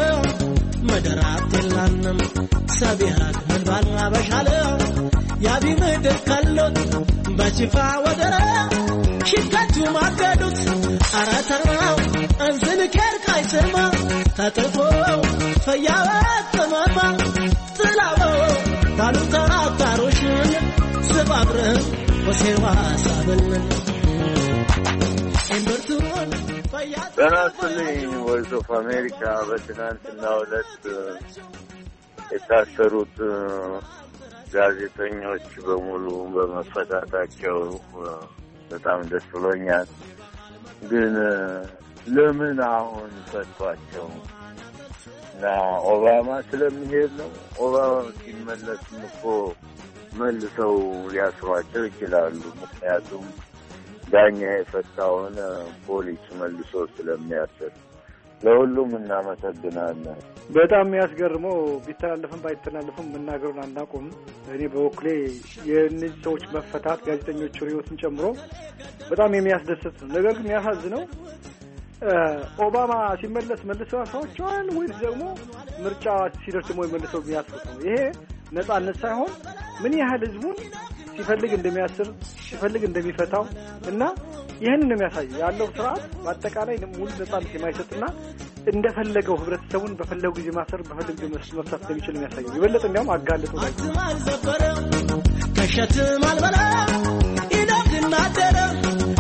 መደራት የላንም ሰቢሃት ሚባል ማበሻለ ያቢ ምድር ከሎት በሲፋ ወደረ ሂከቱ ማገዱት አረተራው እንዝንኬር የማይሰማ ተጥፎ ፈያበተመባ ጥላበው ታሉታ አጋሮሽን ስባብረን ወሴዋ ሳብልን ቮይስ ኦፍ አሜሪካ በትናንትና ሁለት uh, የታሰሩት uh, ጋዜጠኞች በሙሉ በመፈታታቸው uh, በጣም ደስ ብሎኛል ግን ለምን አሁን ሰጥቷቸው እና ኦባማ ስለሚሄድ ነው። ኦባማ ሲመለስም እኮ መልሰው ሊያስሯቸው ይችላሉ። ምክንያቱም ዳኛ የፈታውን ፖሊስ መልሶ ስለሚያስር። ለሁሉም እናመሰግናለን። በጣም የሚያስገርመው ቢተላለፍም ባይተላለፍም የምናገሩን አናቁም። እኔ በበኩሌ የእነዚህ ሰዎች መፈታት ጋዜጠኞቹ ሕይወትን ጨምሮ በጣም የሚያስደስት ነው። ነገር ግን የሚያሳዝነው ኦባማ ሲመለስ መልሰው ያስሯቸዋል ወይስ ደግሞ ምርጫ ሲደርስ ደግሞ መልሰው የሚያስሩት ነው? ይሄ ነጻነት ሳይሆን ምን ያህል ህዝቡን ሲፈልግ እንደሚያስር ሲፈልግ እንደሚፈታው እና ይህን ነው የሚያሳየው ያለው ስርዓት በአጠቃላይ ሙሉ ነጻነት የማይሰጥና እንደፈለገው ህብረተሰቡን በፈለጉ ጊዜ ማሰር በፈለጉ ጊዜ መፍታት እንደሚችል የሚያሳየው የበለጠ እንዲያውም አጋልጦ ላይ ከሸትም አልበላ ኢነግናደረም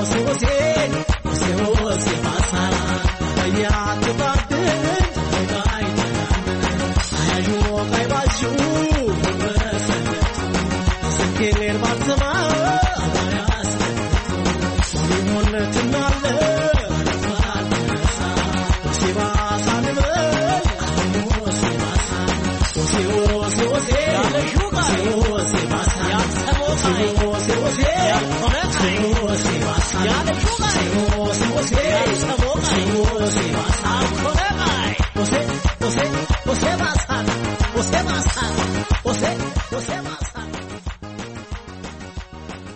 você, você, você, você passará.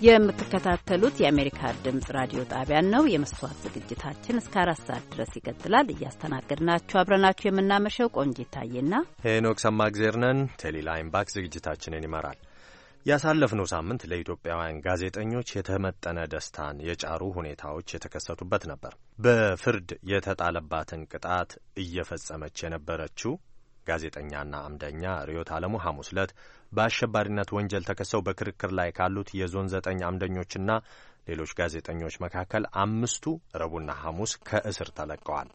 የምትከታተሉት የአሜሪካ ድምጽ ራዲዮ ጣቢያን ነው። የመስተዋት ዝግጅታችን እስከ አራት ሰዓት ድረስ ይቀጥላል። እያስተናገድናችሁ አብረናችሁ የምናመሸው ቆንጂ ይታየና ሄኖክ ቴሌላ ቴሌላይምባክ ዝግጅታችንን ይመራል። ያሳለፍነው ሳምንት ለኢትዮጵያውያን ጋዜጠኞች የተመጠነ ደስታን የጫሩ ሁኔታዎች የተከሰቱበት ነበር። በፍርድ የተጣለባትን ቅጣት እየፈጸመች የነበረችው ጋዜጠኛና አምደኛ ርዕዮት አለሙ ሐሙስ ዕለት በአሸባሪነት ወንጀል ተከሰው በክርክር ላይ ካሉት የዞን ዘጠኝ አምደኞችና ሌሎች ጋዜጠኞች መካከል አምስቱ ረቡና ሐሙስ ከእስር ተለቀዋል።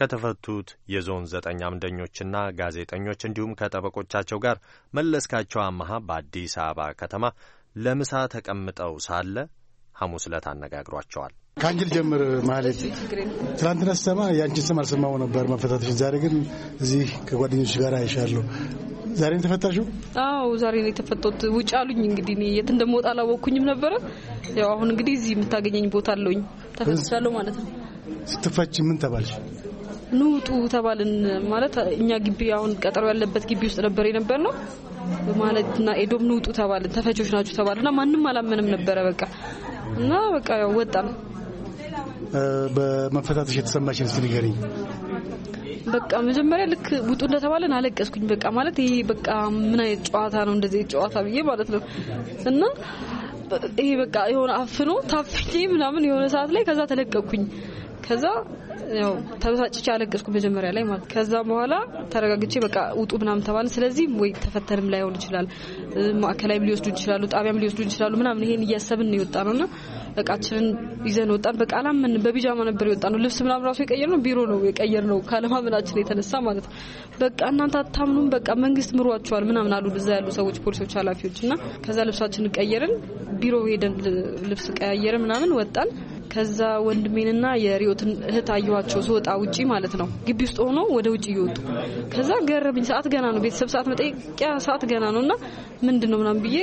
ከተፈቱት የዞን ዘጠኝ አምደኞችና ጋዜጠኞች እንዲሁም ከጠበቆቻቸው ጋር መለስካቸው አመሃ በአዲስ አበባ ከተማ ለምሳ ተቀምጠው ሳለ ሐሙስ ዕለት አነጋግሯቸዋል። ከአንጅል ጀምር ማለት ትናንትና ስሰማ የአንችን ስም አልሰማው ነበር መፈታትሽን። ዛሬ ግን እዚህ ከጓደኞች ጋር አይሻለሁ ዛሬ ነው የተፈታሽው? አዎ ዛሬ ነው የተፈታሁት። ውጭ አሉኝ እንግዲህ እኔ የት እንደምወጣ አላወቅኩኝም ነበረ። ያው አሁን እንግዲህ እዚህ የምታገኘኝ ቦታ አለውኝ ተፈትቻለሁ ማለት ነው። ስትፈች ምን ተባልሽ? ንውጡ ተባልን ማለት እኛ ግቢ አሁን ቀጠሮ ያለበት ግቢ ውስጥ ነበር የነበር ነው ማለት እና ኤዶም ንውጡ ተባልን ተፈቾች ናችሁ ተባልና ማንም አላመንም ነበረ በቃ እና በቃ ያው ወጣን። በመፈታተሽ የተሰማሽን ንገሪኝ። በቃ መጀመሪያ ልክ ውጡ እንደተባለን አለቀስኩኝ። በቃ ማለት ይሄ በቃ ምን አይነት ጨዋታ ነው እንደዚህ ጨዋታ ብዬ ማለት ነው እና ይሄ በቃ የሆነ አፍኖ ታፍኝ ምናምን የሆነ ሰዓት ላይ ከዛ ተለቀኩኝ። ከዛ ያው ተበሳጭቼ አለቀስኩ መጀመሪያ ላይ ማለት። ከዛ በኋላ ተረጋግቼ በቃ ውጡ ምናምን ተባለ። ስለዚህ ወይ ተፈተንም ላይሆን ይችላል፣ ማዕከላይም ሊወስዱ ይችላሉ፣ ጣቢያም ሊወስዱ ይችላሉ ምናምን ይሄን እያሰብን ነው የወጣ ነውና እቃችንን ይዘን ወጣን። በቃ አላመንም። በቢጃማ ነበር የወጣ ነው። ልብስ ምናምን ራሱ የቀየር ነው ቢሮ ነው የቀየር ነው ካለማመናችን የተነሳ ማለት ነው። በቃ እናንተ አታምኑም፣ በቃ መንግስት ምሯቸዋል ምናምን አሉ እዛ ያሉ ሰዎች፣ ፖሊሶች፣ ኃላፊዎች እና ከዛ ልብሳችንን ቀየርን። ቢሮ ሄደን ልብስ ቀያየርን ምናምን ወጣን። ከዛ ወንድሜንና የሪዮትን እህት አየኋቸው ስወጣ ውጪ ማለት ነው። ግቢ ውስጥ ሆኖ ወደ ውጭ እየወጡ ከዛ ገረብኝ። ሰዓት ገና ነው፣ ቤተሰብ ሰዓት መጠየቂያ ሰዓት ገና ነው እና ምንድን ነው ምናምን ብዬ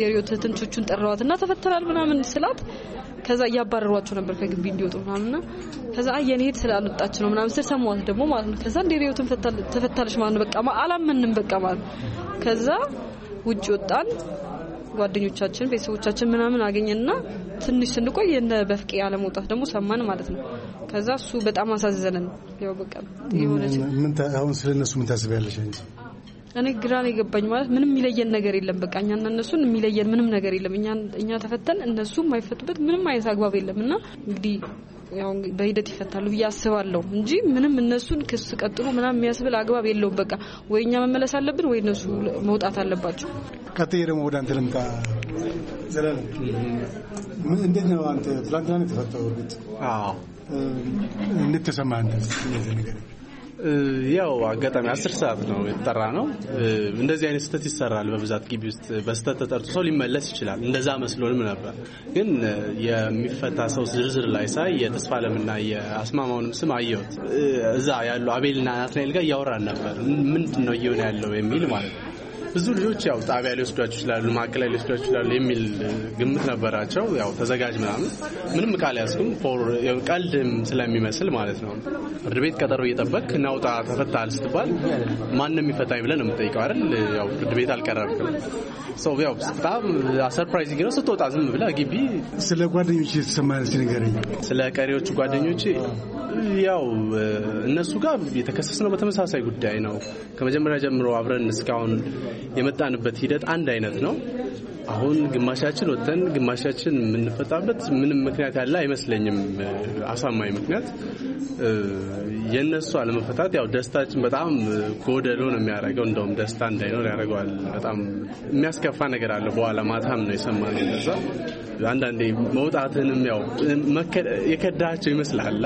የሪዮት እህቶቹን ጠራዋትና ተፈተናል ምናምን ስላት ከዛ እያባረሯቸው ነበር ከግቢ እንዲወጡ ምናምንና ከዛ አየን ሄድ እህት ስላልወጣች ነው ምናምን ስል ሰማሁት ደግሞ ማለት ነው። ከዛ እንደ ሪዮትን ተፈታለች ማለት ነው። በቃ አላመንም በቃ ማለት ነው። ከዛ ውጭ ወጣን። ጓደኞቻችን፣ ቤተሰቦቻችን ምናምን አገኘንና ትንሽ ስንቆይ የነ በፍቄ አለመውጣት ደግሞ ሰማን ማለት ነው። ከዛ እሱ በጣም አሳዘነን። ያው በቃ አሁን ስለ እነሱ ምን ታስቢያለሽ? እኔ ግራ ነው የገባኝ። ማለት ምንም የሚለየን ነገር የለም። በቃ እኛና እነሱን የሚለየን ምንም ነገር የለም። እኛ ተፈተን እነሱ የማይፈቱበት ምንም አይነት አግባብ የለም እና እንግዲህ ያው በሂደት ይፈታሉ ብዬ አስባለሁ እንጂ ምንም እነሱን ክስ ቀጥሎ ምናምን የሚያስብል አግባብ የለውም። በቃ ወይ እኛ መመለስ አለብን ወይ እነሱ መውጣት አለባቸው። ቀጥዬ ደግሞ ወደ አንተ ልምጣ። ዘላለም እንዴት ነው አንተ ትላንትና ነው እንድትሰማ አንተ ነገር ያው አጋጣሚ አስር ሰዓት ነው የተጠራ ነው። እንደዚህ አይነት ስህተት ይሰራል በብዛት ግቢ ውስጥ በስህተት ተጠርቶ ሰው ሊመለስ ይችላል። እንደዛ መስሎንም ነበር፣ ግን የሚፈታ ሰው ዝርዝር ላይ ሳይ የተስፋ አለምና የአስማማውንም ስም አየሁት። እዛ ያሉ አቤልና ናትናኤል ጋር እያወራን ነበር ምንድን ነው እየሆነ ያለው የሚል ማለት ነው ብዙ ልጆች ያው ጣቢያ ሊወስዷቸው ይችላሉ፣ ማዕከላዊ ሊወስዷቸው ይችላሉ የሚል ግምት ነበራቸው። ያው ተዘጋጅ ምናምን ምንም ቃል ያስኩም ፎር ቀልድም ስለሚመስል ማለት ነው። ፍርድ ቤት ቀጠሮ እየጠበቅ ናውጣ ተፈታል ስትባል ማንም የሚፈታኝ ብለን ነው የምጠይቀው አይደል? ያው ፍርድ ቤት አልቀረብክም። ሰው ያው በጣም አሰርፕራይዚንግ ነው። ስትወጣ ዝም ብላ ግቢ። ስለ ጓደኞች የተሰማ ንገረኝ። ስለ ቀሪዎቹ ጓደኞች ያው እነሱ ጋር የተከሰስነው በተመሳሳይ ጉዳይ ነው። ከመጀመሪያ ጀምሮ አብረን እስካሁን የመጣንበት ሂደት አንድ አይነት ነው። አሁን ግማሻችን ወጥተን ግማሻችን የምንፈጣበት ምንም ምክንያት ያለ አይመስለኝም፣ አሳማኝ ምክንያት። የእነሱ አለመፈታት ያው ደስታችን በጣም ጎደሎ ነው የሚያደርገው። እንደውም ደስታ እንዳይኖር ያደርገዋል። በጣም የሚያስከፋ ነገር አለ። በኋላ ማታም ነው የሰማነው እንደዛ። አንዳንዴ መውጣትንም ያው የከዳቸው ይመስላል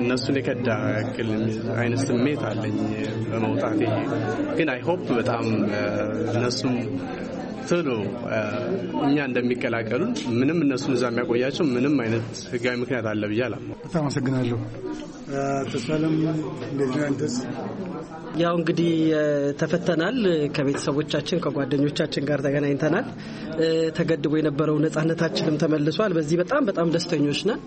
እነሱን የከዳ ያክል አይነት ስሜት አለኝ በመውጣት ግን አይሆፕ በጣም እነሱም ቶሎ እኛ እንደሚቀላቀሉን ምንም እነሱን እዛ የሚያቆያቸው ምንም አይነት ህጋዊ ምክንያት አለ ብዬ አላ በጣም አመሰግናለሁ። ተስፋለም እንደዚሁንተስ ያው እንግዲህ ተፈተናል። ከቤተሰቦቻችን ከጓደኞቻችን ጋር ተገናኝተናል። ተገድቦ የነበረው ነጻነታችንም ተመልሷል። በዚህ በጣም በጣም ደስተኞች ነን።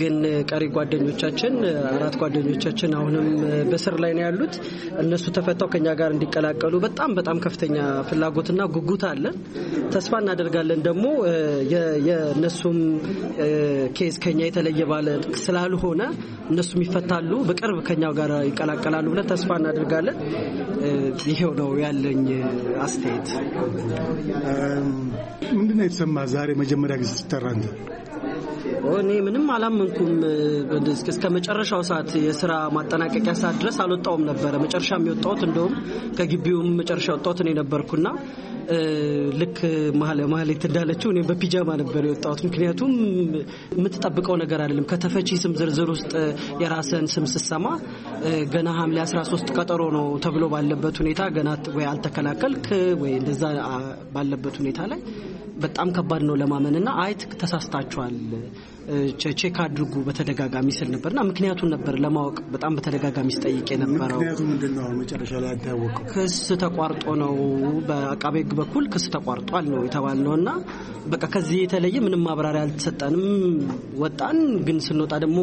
ግን ቀሪ ጓደኞቻችን አራት ጓደኞቻችን አሁንም በስር ላይ ነው ያሉት። እነሱ ተፈታው ከኛ ጋር እንዲቀላቀሉ በጣም በጣም ከፍተኛ ፍላጎትና ጉጉት አለ። ይሆናል። ተስፋ እናደርጋለን ደግሞ የእነሱም ኬዝ ከኛ የተለየ ባለ ስላልሆነ እነሱም ይፈታሉ፣ በቅርብ ከኛው ጋር ይቀላቀላሉ ብለን ተስፋ እናደርጋለን። ይሄው ነው ያለኝ አስተያየት። ምንድን ነው የተሰማ ዛሬ መጀመሪያ ጊዜ ሲጠራ እኔ ምንም አላመንኩም። እስከ መጨረሻው ሰዓት የስራ ማጠናቀቂያ ሰዓት ድረስ አልወጣውም ነበረ። መጨረሻ የሚወጣውት እንደውም ከግቢውም መጨረሻ ወጣውት እኔ ነበርኩና ልክ ማህሌት እንዳለችው እኔ በፒጃማ ነበር የወጣሁት። ምክንያቱም የምትጠብቀው ነገር አይደለም። ከተፈቺ ስም ዝርዝር ውስጥ የራስን ስም ስሰማ ገና ሐምሌ 13 ቀጠሮ ነው ተብሎ ባለበት ሁኔታ ገና ወይ አልተከላከልክ ወይ እንደዛ ባለበት ሁኔታ ላይ በጣም ከባድ ነው ለማመንና አይት ተሳስታችኋል ቼክ አድርጉ በተደጋጋሚ ስል ነበርና ምክንያቱን ነበር ለማወቅ በጣም በተደጋጋሚ ስጠይቅ የነበረው። መጨረሻ ላይ አልታወቀም። ክስ ተቋርጦ ነው በአቃቤ ሕግ በኩል ክስ ተቋርጧል ነው የተባልነው እና በቃ ከዚህ የተለየ ምንም ማብራሪያ አልተሰጠንም። ወጣን፣ ግን ስንወጣ ደግሞ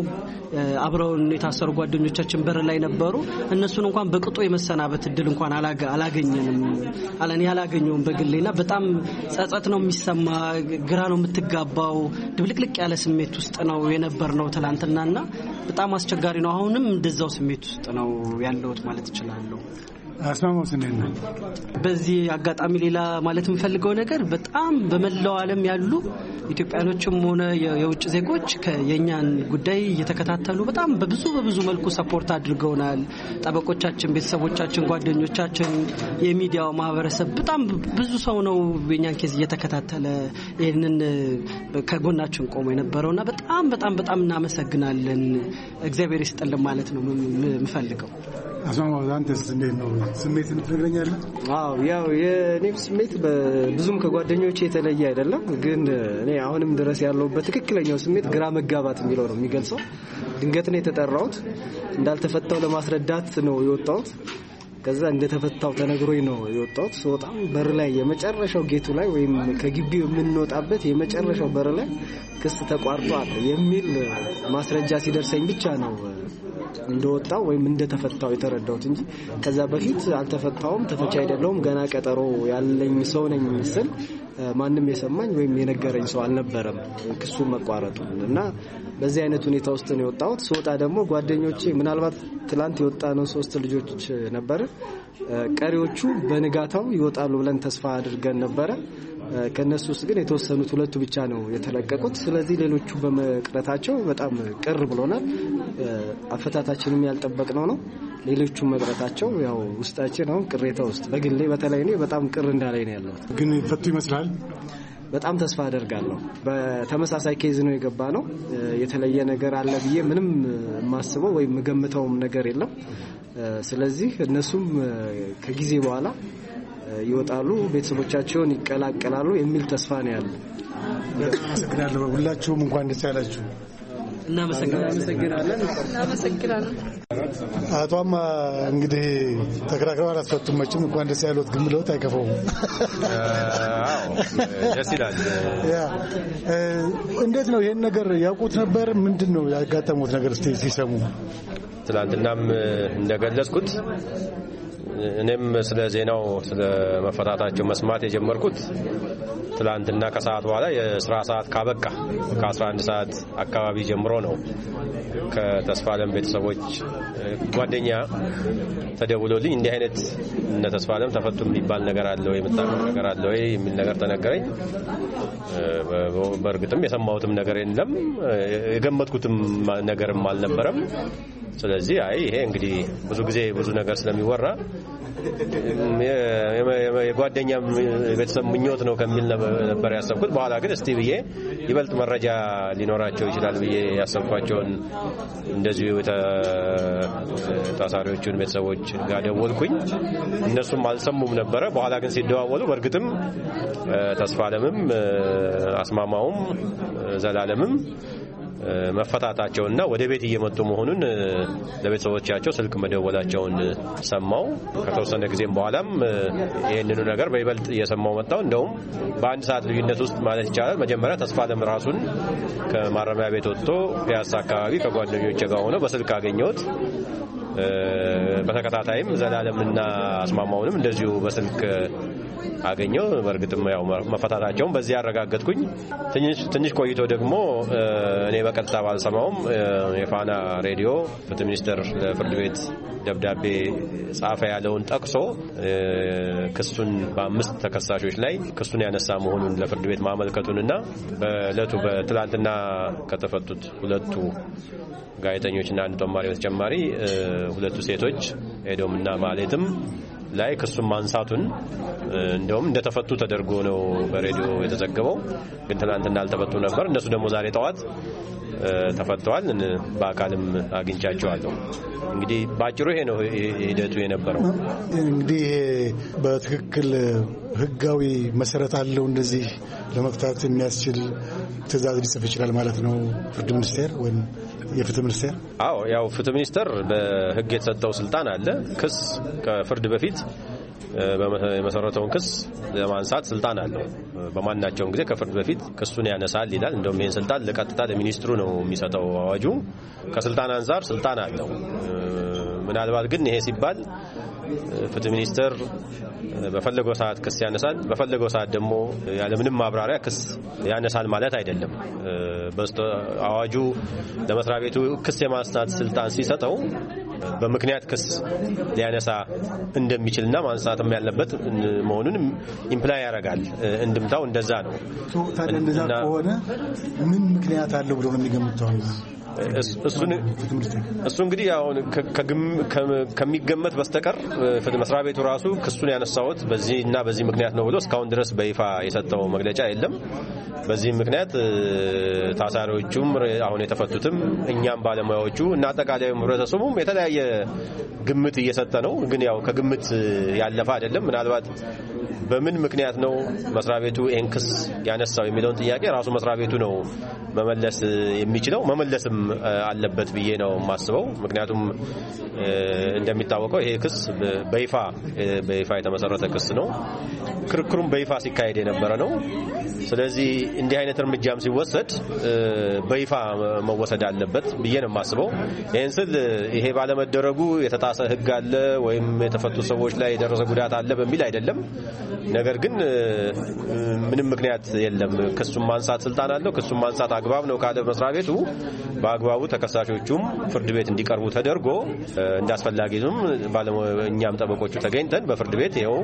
አብረውን የታሰሩ ጓደኞቻችን በር ላይ ነበሩ። እነሱን እንኳን በቅጡ የመሰናበት እድል እንኳን አላገኘንም። እኔ አላገኘውም በግሌና በጣም ጸጸት ነው የሚሰማ፣ ግራ ነው የምትጋባው፣ ድብልቅልቅ ያለ ስሜት ስሜት ውስጥ ነው የነበር ነው እና በጣም አስቸጋሪ ነው። አሁንም እንደዛው ስሜት ውስጥ ነው ያለሁት ማለት እችላለሁ። አስማማው ስንሄድ በዚህ አጋጣሚ ሌላ ማለት የምፈልገው ነገር በጣም በመላው ዓለም ያሉ ኢትዮጵያኖችም ሆነ የውጭ ዜጎች የእኛን ጉዳይ እየተከታተሉ በጣም በብዙ በብዙ መልኩ ሰፖርት አድርገውናል። ጠበቆቻችን፣ ቤተሰቦቻችን፣ ጓደኞቻችን፣ የሚዲያው ማህበረሰብ በጣም ብዙ ሰው ነው የእኛን ኬዝ እየተከታተለ ይህንን ከጎናችን ቆሞ ና በጣም በጣም በጣም እናመሰግናለን። እግዚአብሔር ይስጥልን ማለት ነው የምፈልገው። አስማማዛንተስ እንዴት ነው ስሜት ያው የኔም ስሜት ብዙም ከጓደኞች የተለየ አይደለም። ግን እኔ አሁንም ድረስ ያለሁበት ትክክለኛው ስሜት ግራ መጋባት የሚለው ነው የሚገልጸው። ድንገት ነው የተጠራሁት። እንዳልተፈታው ለማስረዳት ነው የወጣሁት። ከዛ እንደተፈታው ተነግሮኝ ነው የወጣሁት። ስወጣም በር ላይ የመጨረሻው ጌቱ ላይ ወይም ከግቢው የምንወጣበት የመጨረሻው በር ላይ ክስ ተቋርጧል የሚል ማስረጃ ሲደርሰኝ ብቻ ነው እንደወጣው ወይም እንደተፈታው የተረዳሁት እንጂ ከዛ በፊት አልተፈታውም፣ ተፈቻ አይደለውም ገና ቀጠሮ ያለኝ ሰው ነኝ ስል ማንም የሰማኝ ወይም የነገረኝ ሰው አልነበረም ክሱ መቋረጡ እና በዚህ አይነት ሁኔታ ውስጥ ነው የወጣሁት። ስወጣ ደግሞ ጓደኞቼ ምናልባት ትላንት የወጣ ነው ሶስት ልጆች ነበረ። ቀሪዎቹ በንጋታው ይወጣሉ ብለን ተስፋ አድርገን ነበረ። ከእነሱ ውስጥ ግን የተወሰኑት ሁለቱ ብቻ ነው የተለቀቁት። ስለዚህ ሌሎቹ በመቅረታቸው በጣም ቅር ብሎናል። አፈታታችንም ያልጠበቅነው ነው። ሌሎቹ መቅረታቸው ያው ውስጣችን አሁን ቅሬታ ውስጥ በግሌ በተለይ እኔ በጣም ቅር እንዳላይ ነው ያለሁት። ግን ፈቱ ይመስላል በጣም ተስፋ አደርጋለሁ። በተመሳሳይ ኬዝ ነው የገባ ነው። የተለየ ነገር አለ ብዬ ምንም የማስበው ወይም የምገምተውም ነገር የለም። ስለዚህ እነሱም ከጊዜ በኋላ ይወጣሉ፣ ቤተሰቦቻቸውን ይቀላቀላሉ የሚል ተስፋ ነው ያለ። አመሰግናለሁ። ሁላችሁም እንኳን ደስ ያላችሁ። እናመሰግናለን። እንግዲህ ተከራክረው አላስፈቱም። መቼም እንኳን ደስ ያሉት ግን ብለውት አይከፋውም። ደስ ይላል። እንዴት ነው ይሄን ነገር ያውቁት ነበር? ምንድን ነው ያጋጠሙት ነገር? እስኪ ሲሰሙ ትናንትናም እንደገለጽኩት እኔም ስለ ዜናው ስለ መፈታታቸው መስማት የጀመርኩት ትላንትና ከሰዓት በኋላ የስራ ሰዓት ካበቃ ከ11 ሰዓት አካባቢ ጀምሮ ነው። ከተስፋ ቤተሰቦች ጓደኛ ተደውሎልኝ እንዲህ አይነት እነ ተስፋ ተፈቱ የሚባል ነገር አለ ወይ የምታውቀው ነገር አለ ወይ የሚል ነገር ተነገረኝ። በእርግጥም የሰማሁትም ነገር የለም የገመትኩትም ነገርም አልነበረም። ስለዚህ አይ ይሄ እንግዲህ ብዙ ጊዜ ብዙ ነገር ስለሚወራ የጓደኛ የቤተሰብ ምኞት ነው ከሚል ነበር ያሰብኩት። በኋላ ግን እስቲ ብዬ ይበልጥ መረጃ ሊኖራቸው ይችላል ብዬ ያሰብኳቸውን እንደዚሁ ታሳሪዎቹን ቤተሰቦች ጋር ደወልኩኝ። እነሱም አልሰሙም ነበረ። በኋላ ግን ሲደዋወሉ በእርግጥም ተስፋ አለምም አስማማውም ዘላለምም መፈታታቸውና ወደ ቤት እየመጡ መሆኑን ለቤተሰቦቻቸው ስልክ መደወላቸውን ሰማው። ከተወሰነ ጊዜም በኋላም ይህንኑ ነገር በይበልጥ እየሰማው መጣው። እንደውም በአንድ ሰዓት ልዩነት ውስጥ ማለት ይቻላል መጀመሪያ ተስፋ አለም ራሱን ከማረሚያ ቤት ወጥቶ ፒያሳ አካባቢ ከጓደኞች ጋር ሆነው በስልክ አገኘሁት። በተከታታይም ዘላለምና አስማማውንም እንደዚሁ በስልክ አገኘው። በእርግጥም ያው መፈታታቸውን በዚህ ያረጋገጥኩኝ። ትንሽ ቆይቶ ደግሞ እኔ በቀጥታ ባልሰማውም የፋና ሬዲዮ ፍትህ ሚኒስቴር ለፍርድ ቤት ደብዳቤ ጻፈ ያለውን ጠቅሶ ክሱን በአምስት ተከሳሾች ላይ ክሱን ያነሳ መሆኑን ለፍርድ ቤት ማመልከቱንና በእለቱ በትላንትና ከተፈቱት ሁለቱ ጋዜጠኞችና አንድ ጦማሪ በተጨማሪ ሁለቱ ሴቶች ኤዶምና ማሌትም ላይ ክሱን ማንሳቱን እንደውም እንደተፈቱ ተደርጎ ነው በሬዲዮ የተዘገበው። ግን ትናንትና አልተፈቱ ነበር። እነሱ ደግሞ ዛሬ ጠዋት ተፈተዋል። በአካልም አግኝቻቸዋለሁ። እንግዲህ በአጭሩ ይሄ ነው ሂደቱ የነበረው። እንግዲህ በትክክል ህጋዊ መሰረት አለው እንደዚህ ለመፍታት የሚያስችል ትዕዛዝ ሊጽፍ ይችላል ማለት ነው ፍርድ ሚኒስቴር ወይም የፍትህ ሚኒስቴር? አዎ ያው ፍትህ ሚኒስቴር በህግ የተሰጠው ስልጣን አለ። ክስ ከፍርድ በፊት የመሰረተውን ክስ ለማንሳት ስልጣን አለው። በማናቸውም ጊዜ ከፍርድ በፊት ክሱን ያነሳል ይላል። እንደውም ይህን ስልጣን ለቀጥታ ለሚኒስትሩ ነው የሚሰጠው አዋጁ። ከስልጣን አንጻር ስልጣን አለው። ምናልባት ግን ይሄ ሲባል ፍትህ ሚኒስቴር በፈለገው ሰዓት ክስ ያነሳል፣ በፈለገው ሰዓት ደግሞ ያለምንም ማብራሪያ ክስ ያነሳል ማለት አይደለም። በስተ አዋጁ ለመስሪያ ቤቱ ክስ የማንሳት ስልጣን ሲሰጠው በምክንያት ክስ ሊያነሳ እንደሚችልና ማንሳትም ያለበት መሆኑን ኢምፕላይ ያደርጋል። እንድምታው እንደዛ ነው። ታዲያ እንደዛ ከሆነ ምን ምክንያት አለው ብሎ ነው የሚገምተው? እሱ እንግዲህ አሁን ከሚገመት በስተቀር መስሪያ ቤቱ ራሱ ክሱን ያነሳሁት በዚህ እና በዚህ ምክንያት ነው ብሎ እስካሁን ድረስ በይፋ የሰጠው መግለጫ የለም። በዚህ ምክንያት ታሳሪዎቹም አሁን የተፈቱትም እኛም ባለሙያዎቹ እና አጠቃላይ ህብረተሰቡም የተለያየ ግምት እየሰጠ ነው። ግን ያው ከግምት ያለፈ አይደለም። ምናልባት በምን ምክንያት ነው መስሪያ ቤቱ ይህን ክስ ያነሳው የሚለውን ጥያቄ ራሱ መስሪያ ቤቱ ነው መመለስ የሚችለው መመለስም አለበት ብዬ ነው የማስበው። ምክንያቱም እንደሚታወቀው ይሄ ክስ በይፋ በይፋ የተመሰረተ ክስ ነው። ክርክሩም በይፋ ሲካሄድ የነበረ ነው። ስለዚህ እንዲህ አይነት እርምጃም ሲወሰድ በይፋ መወሰድ አለበት ብዬ ነው የማስበው። ይህን ስል ይሄ ባለመደረጉ የተጣሰ ሕግ አለ ወይም የተፈቱ ሰዎች ላይ የደረሰ ጉዳት አለ በሚል አይደለም። ነገር ግን ምንም ምክንያት የለም። ክሱን ማንሳት ስልጣን አለው። ክሱን ማንሳት አግባብ ነው ካለ መስሪያ ቤቱ በአግባቡ ተከሳሾቹም ፍርድ ቤት እንዲቀርቡ ተደርጎ እንደ አስፈላጊቱም እኛም ጠበቆቹ ተገኝተን በፍርድ ቤት ይኸው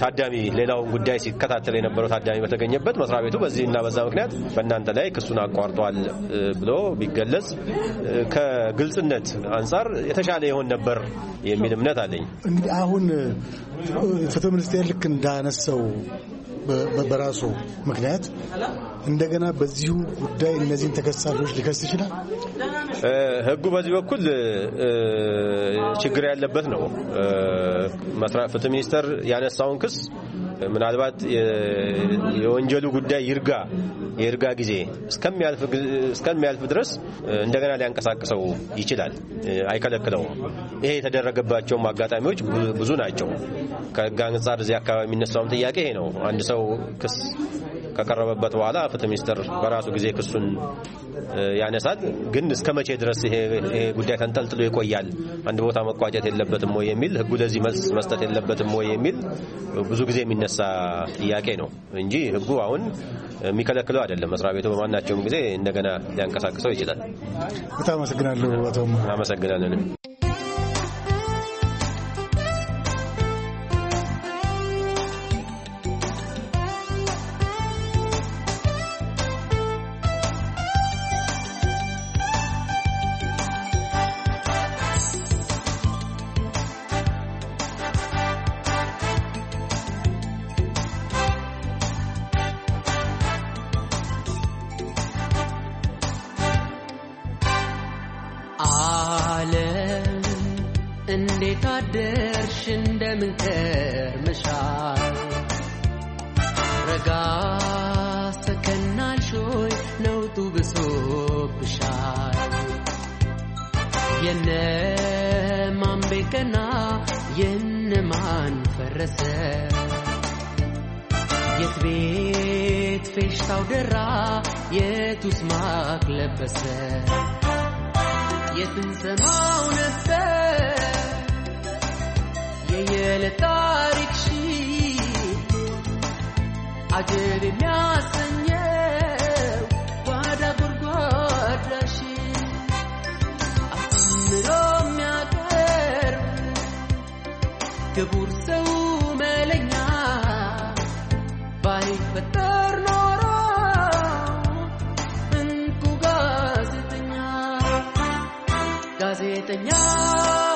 ታዳሚ ሌላውን ጉዳይ ሲከታተል የነበረው ታዳሚ በተገኘበት መስሪያ ቤቱ በዚህ እና በዛ ምክንያት በእናንተ ላይ ክሱን አቋርጧል ብሎ ቢገለጽ ከግልጽነት አንጻር የተሻለ ይሆን ነበር የሚል እምነት አለኝ። እንግዲህ አሁን ፍትህ ሚኒስቴር ልክ እንዳነሰው በራሱ ምክንያት እንደገና በዚሁ ጉዳይ እነዚህን ተከሳሾች ሊከስ ይችላል። ህጉ በዚህ በኩል ችግር ያለበት ነው። ፍትህ ሚኒስቴር ያነሳውን ክስ ምናልባት የወንጀሉ ጉዳይ ይርጋ የይርጋ ጊዜ እስከሚያልፍ ድረስ እንደገና ሊያንቀሳቅሰው ይችላል፣ አይከለክለውም። ይሄ የተደረገባቸውም አጋጣሚዎች ብዙ ናቸው። ከህግ አንጻር እዚህ አካባቢ የሚነሳውም ጥያቄ ይሄ ነው። አንድ ሰው ክስ ከቀረበበት በኋላ ፍትህ ሚኒስትር በራሱ ጊዜ ክሱን ያነሳል። ግን እስከ መቼ ድረስ ይሄ ጉዳይ ተንጠልጥሎ ይቆያል? አንድ ቦታ መቋጨት የለበትም ወይ የሚል ህጉ ለዚህ መልስ መስጠት የለበትም ወይ የሚል ብዙ ጊዜ የሚነሳ ጥያቄ ነው እንጂ ህጉ አሁን የሚከለክለው አይደለም። መስሪያ ቤቱ በማናቸውም ጊዜ እንደገና ሊያንቀሳቅሰው ይችላል። በጣም አመሰግናለሁ። አቶ እንዴት አደርሽ እንደምን ከርምሻል ረጋ ሰከናልሾይ ነውጡ ብሶብሻል የነማን የነ ማን ፈረሰ የት ቤት ፌሽታው ደራ የቱስ ማቅ ለበሰ የትንሰማው ነበር el tarik și mi-a pada gurgoada și acum lumea că căbur să umelenia bai pătăr noro în cu gazetenia gazetenia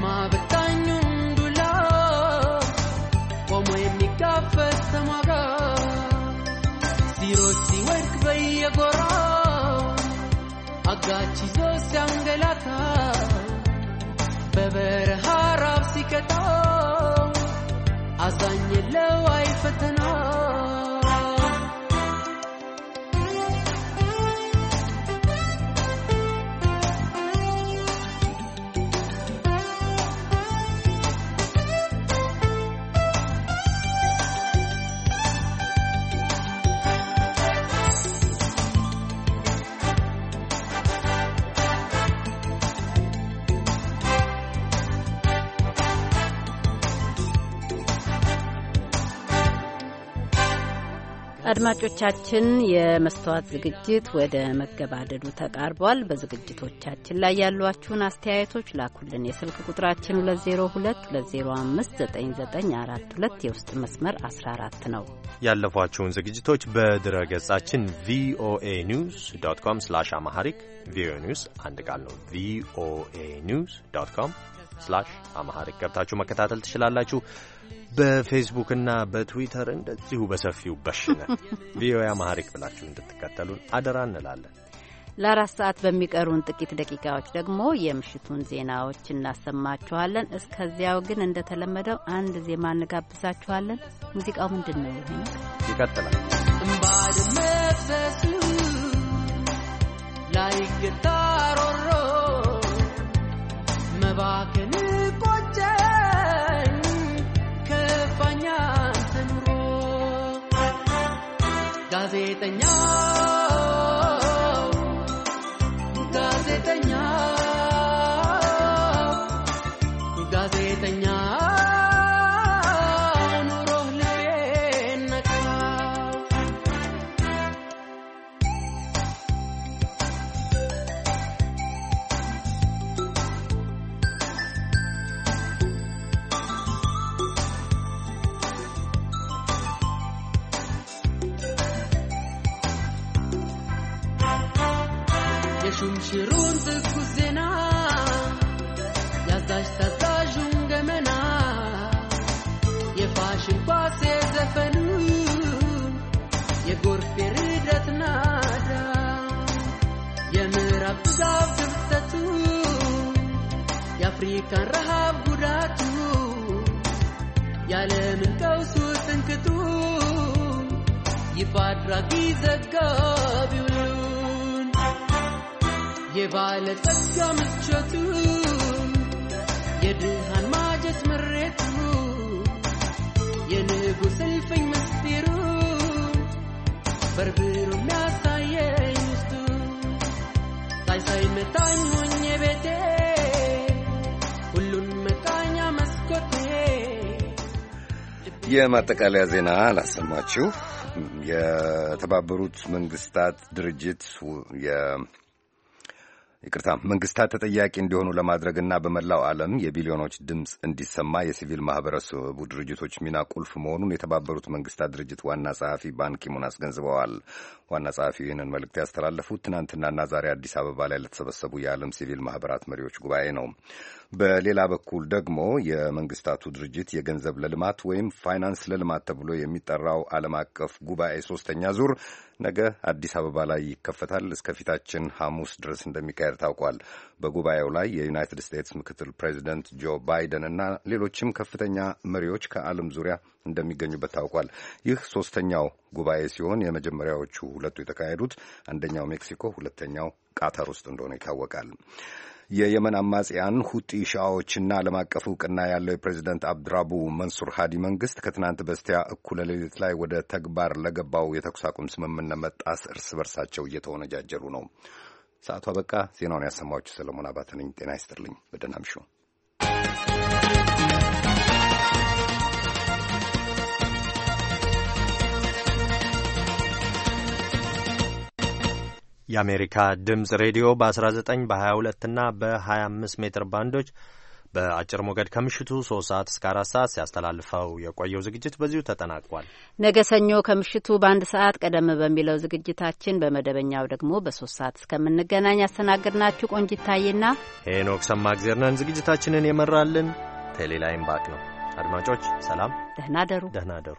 ma betaanyundula wamwe mikafesta maga siroti work zayya gora agachi zo sangalata beber harab sikata azanye lawai fatana አድማጮቻችን የመስተዋት ዝግጅት ወደ መገባደዱ ተቃርቧል። በዝግጅቶቻችን ላይ ያሏችሁን አስተያየቶች ላኩልን። የስልክ ቁጥራችን 2022059942 የውስጥ መስመር 14 ነው። ያለፏችሁን ዝግጅቶች በድረ ገጻችን ቪኦኤ ኒውስ ዶት ኮም ስላሽ አማሐሪክ ቪኦኤ ኒውስ አንድ ቃል ነው። ቪኦኤ ኒውስ ዶት ኮም ስላሽ አማሐሪክ ገብታችሁ መከታተል ትችላላችሁ። በፌስቡክና በትዊተር እንደዚሁ በሰፊው በሽነ ቪኦኤ አማሪክ ብላችሁ እንድትከተሉን አደራ እንላለን። ለአራት ሰዓት በሚቀሩን ጥቂት ደቂቃዎች ደግሞ የምሽቱን ዜናዎች እናሰማችኋለን። እስከዚያው ግን እንደተለመደው አንድ ዜማ እንጋብዛችኋለን። ሙዚቃው ምንድን ነው? ይቀጥላል ላይገታሮሮ መባክን ቆጨ Gazetanya የማጠቃለያ ዜና አላሰማችሁ። የተባበሩት መንግስታት ድርጅት ይቅርታ፣ መንግስታት ተጠያቂ እንዲሆኑ ለማድረግና በመላው ዓለም የቢሊዮኖች ድምፅ እንዲሰማ የሲቪል ማህበረሰቡ ድርጅቶች ሚና ቁልፍ መሆኑን የተባበሩት መንግስታት ድርጅት ዋና ጸሐፊ ባንኪሙን አስገንዝበዋል። ዋና ጸሐፊው ይህንን መልእክት ያስተላለፉት ትናንትናና ዛሬ አዲስ አበባ ላይ ለተሰበሰቡ የዓለም ሲቪል ማህበራት መሪዎች ጉባኤ ነው። በሌላ በኩል ደግሞ የመንግስታቱ ድርጅት የገንዘብ ለልማት ወይም ፋይናንስ ለልማት ተብሎ የሚጠራው ዓለም አቀፍ ጉባኤ ሶስተኛ ዙር ነገ አዲስ አበባ ላይ ይከፈታል። እስከ ፊታችን ሐሙስ ድረስ እንደሚካሄድ ታውቋል። በጉባኤው ላይ የዩናይትድ ስቴትስ ምክትል ፕሬዚደንት ጆ ባይደን እና ሌሎችም ከፍተኛ መሪዎች ከዓለም ዙሪያ እንደሚገኙበት ታውቋል። ይህ ሶስተኛው ጉባኤ ሲሆን የመጀመሪያዎቹ ሁለቱ የተካሄዱት አንደኛው ሜክሲኮ፣ ሁለተኛው ቃታር ውስጥ እንደሆነ ይታወቃል። የየመን አማጽያን ሁጢ ሻዎችና ዓለም አቀፍ እውቅና ያለው የፕሬዚደንት አብድራቡ መንሱር ሃዲ መንግስት ከትናንት በስቲያ እኩለ ሌሊት ላይ ወደ ተግባር ለገባው የተኩስ አቁም ስምምነት መጣስ እርስ በርሳቸው እየተወነጃጀሩ ነው። ሰዓቱ አበቃ። ዜናውን ያሰማችሁ ሰለሞን አባተ ነኝ። ጤና ይስጥልኝ። በደህና እምሹ የአሜሪካ ድምፅ ሬዲዮ በ19 በ22 እና በ25 ሜትር ባንዶች በአጭር ሞገድ ከምሽቱ 3 ሰዓት እስከ 4 ሰዓት ሲያስተላልፈው የቆየው ዝግጅት በዚሁ ተጠናቋል። ነገ ሰኞ ከምሽቱ በአንድ ሰዓት ቀደም በሚለው ዝግጅታችን በመደበኛው ደግሞ በሶስት ሰዓት እስከምንገናኝ ያስተናግድናችሁ ቆንጂት ታዬና ሄኖክ ሰማእግዜር ነን። ዝግጅታችንን የመራልን ቴሌላይም ባክ ነው። አድማጮች ሰላም፣ ደህና ደሩ፣ ደህና ደሩ።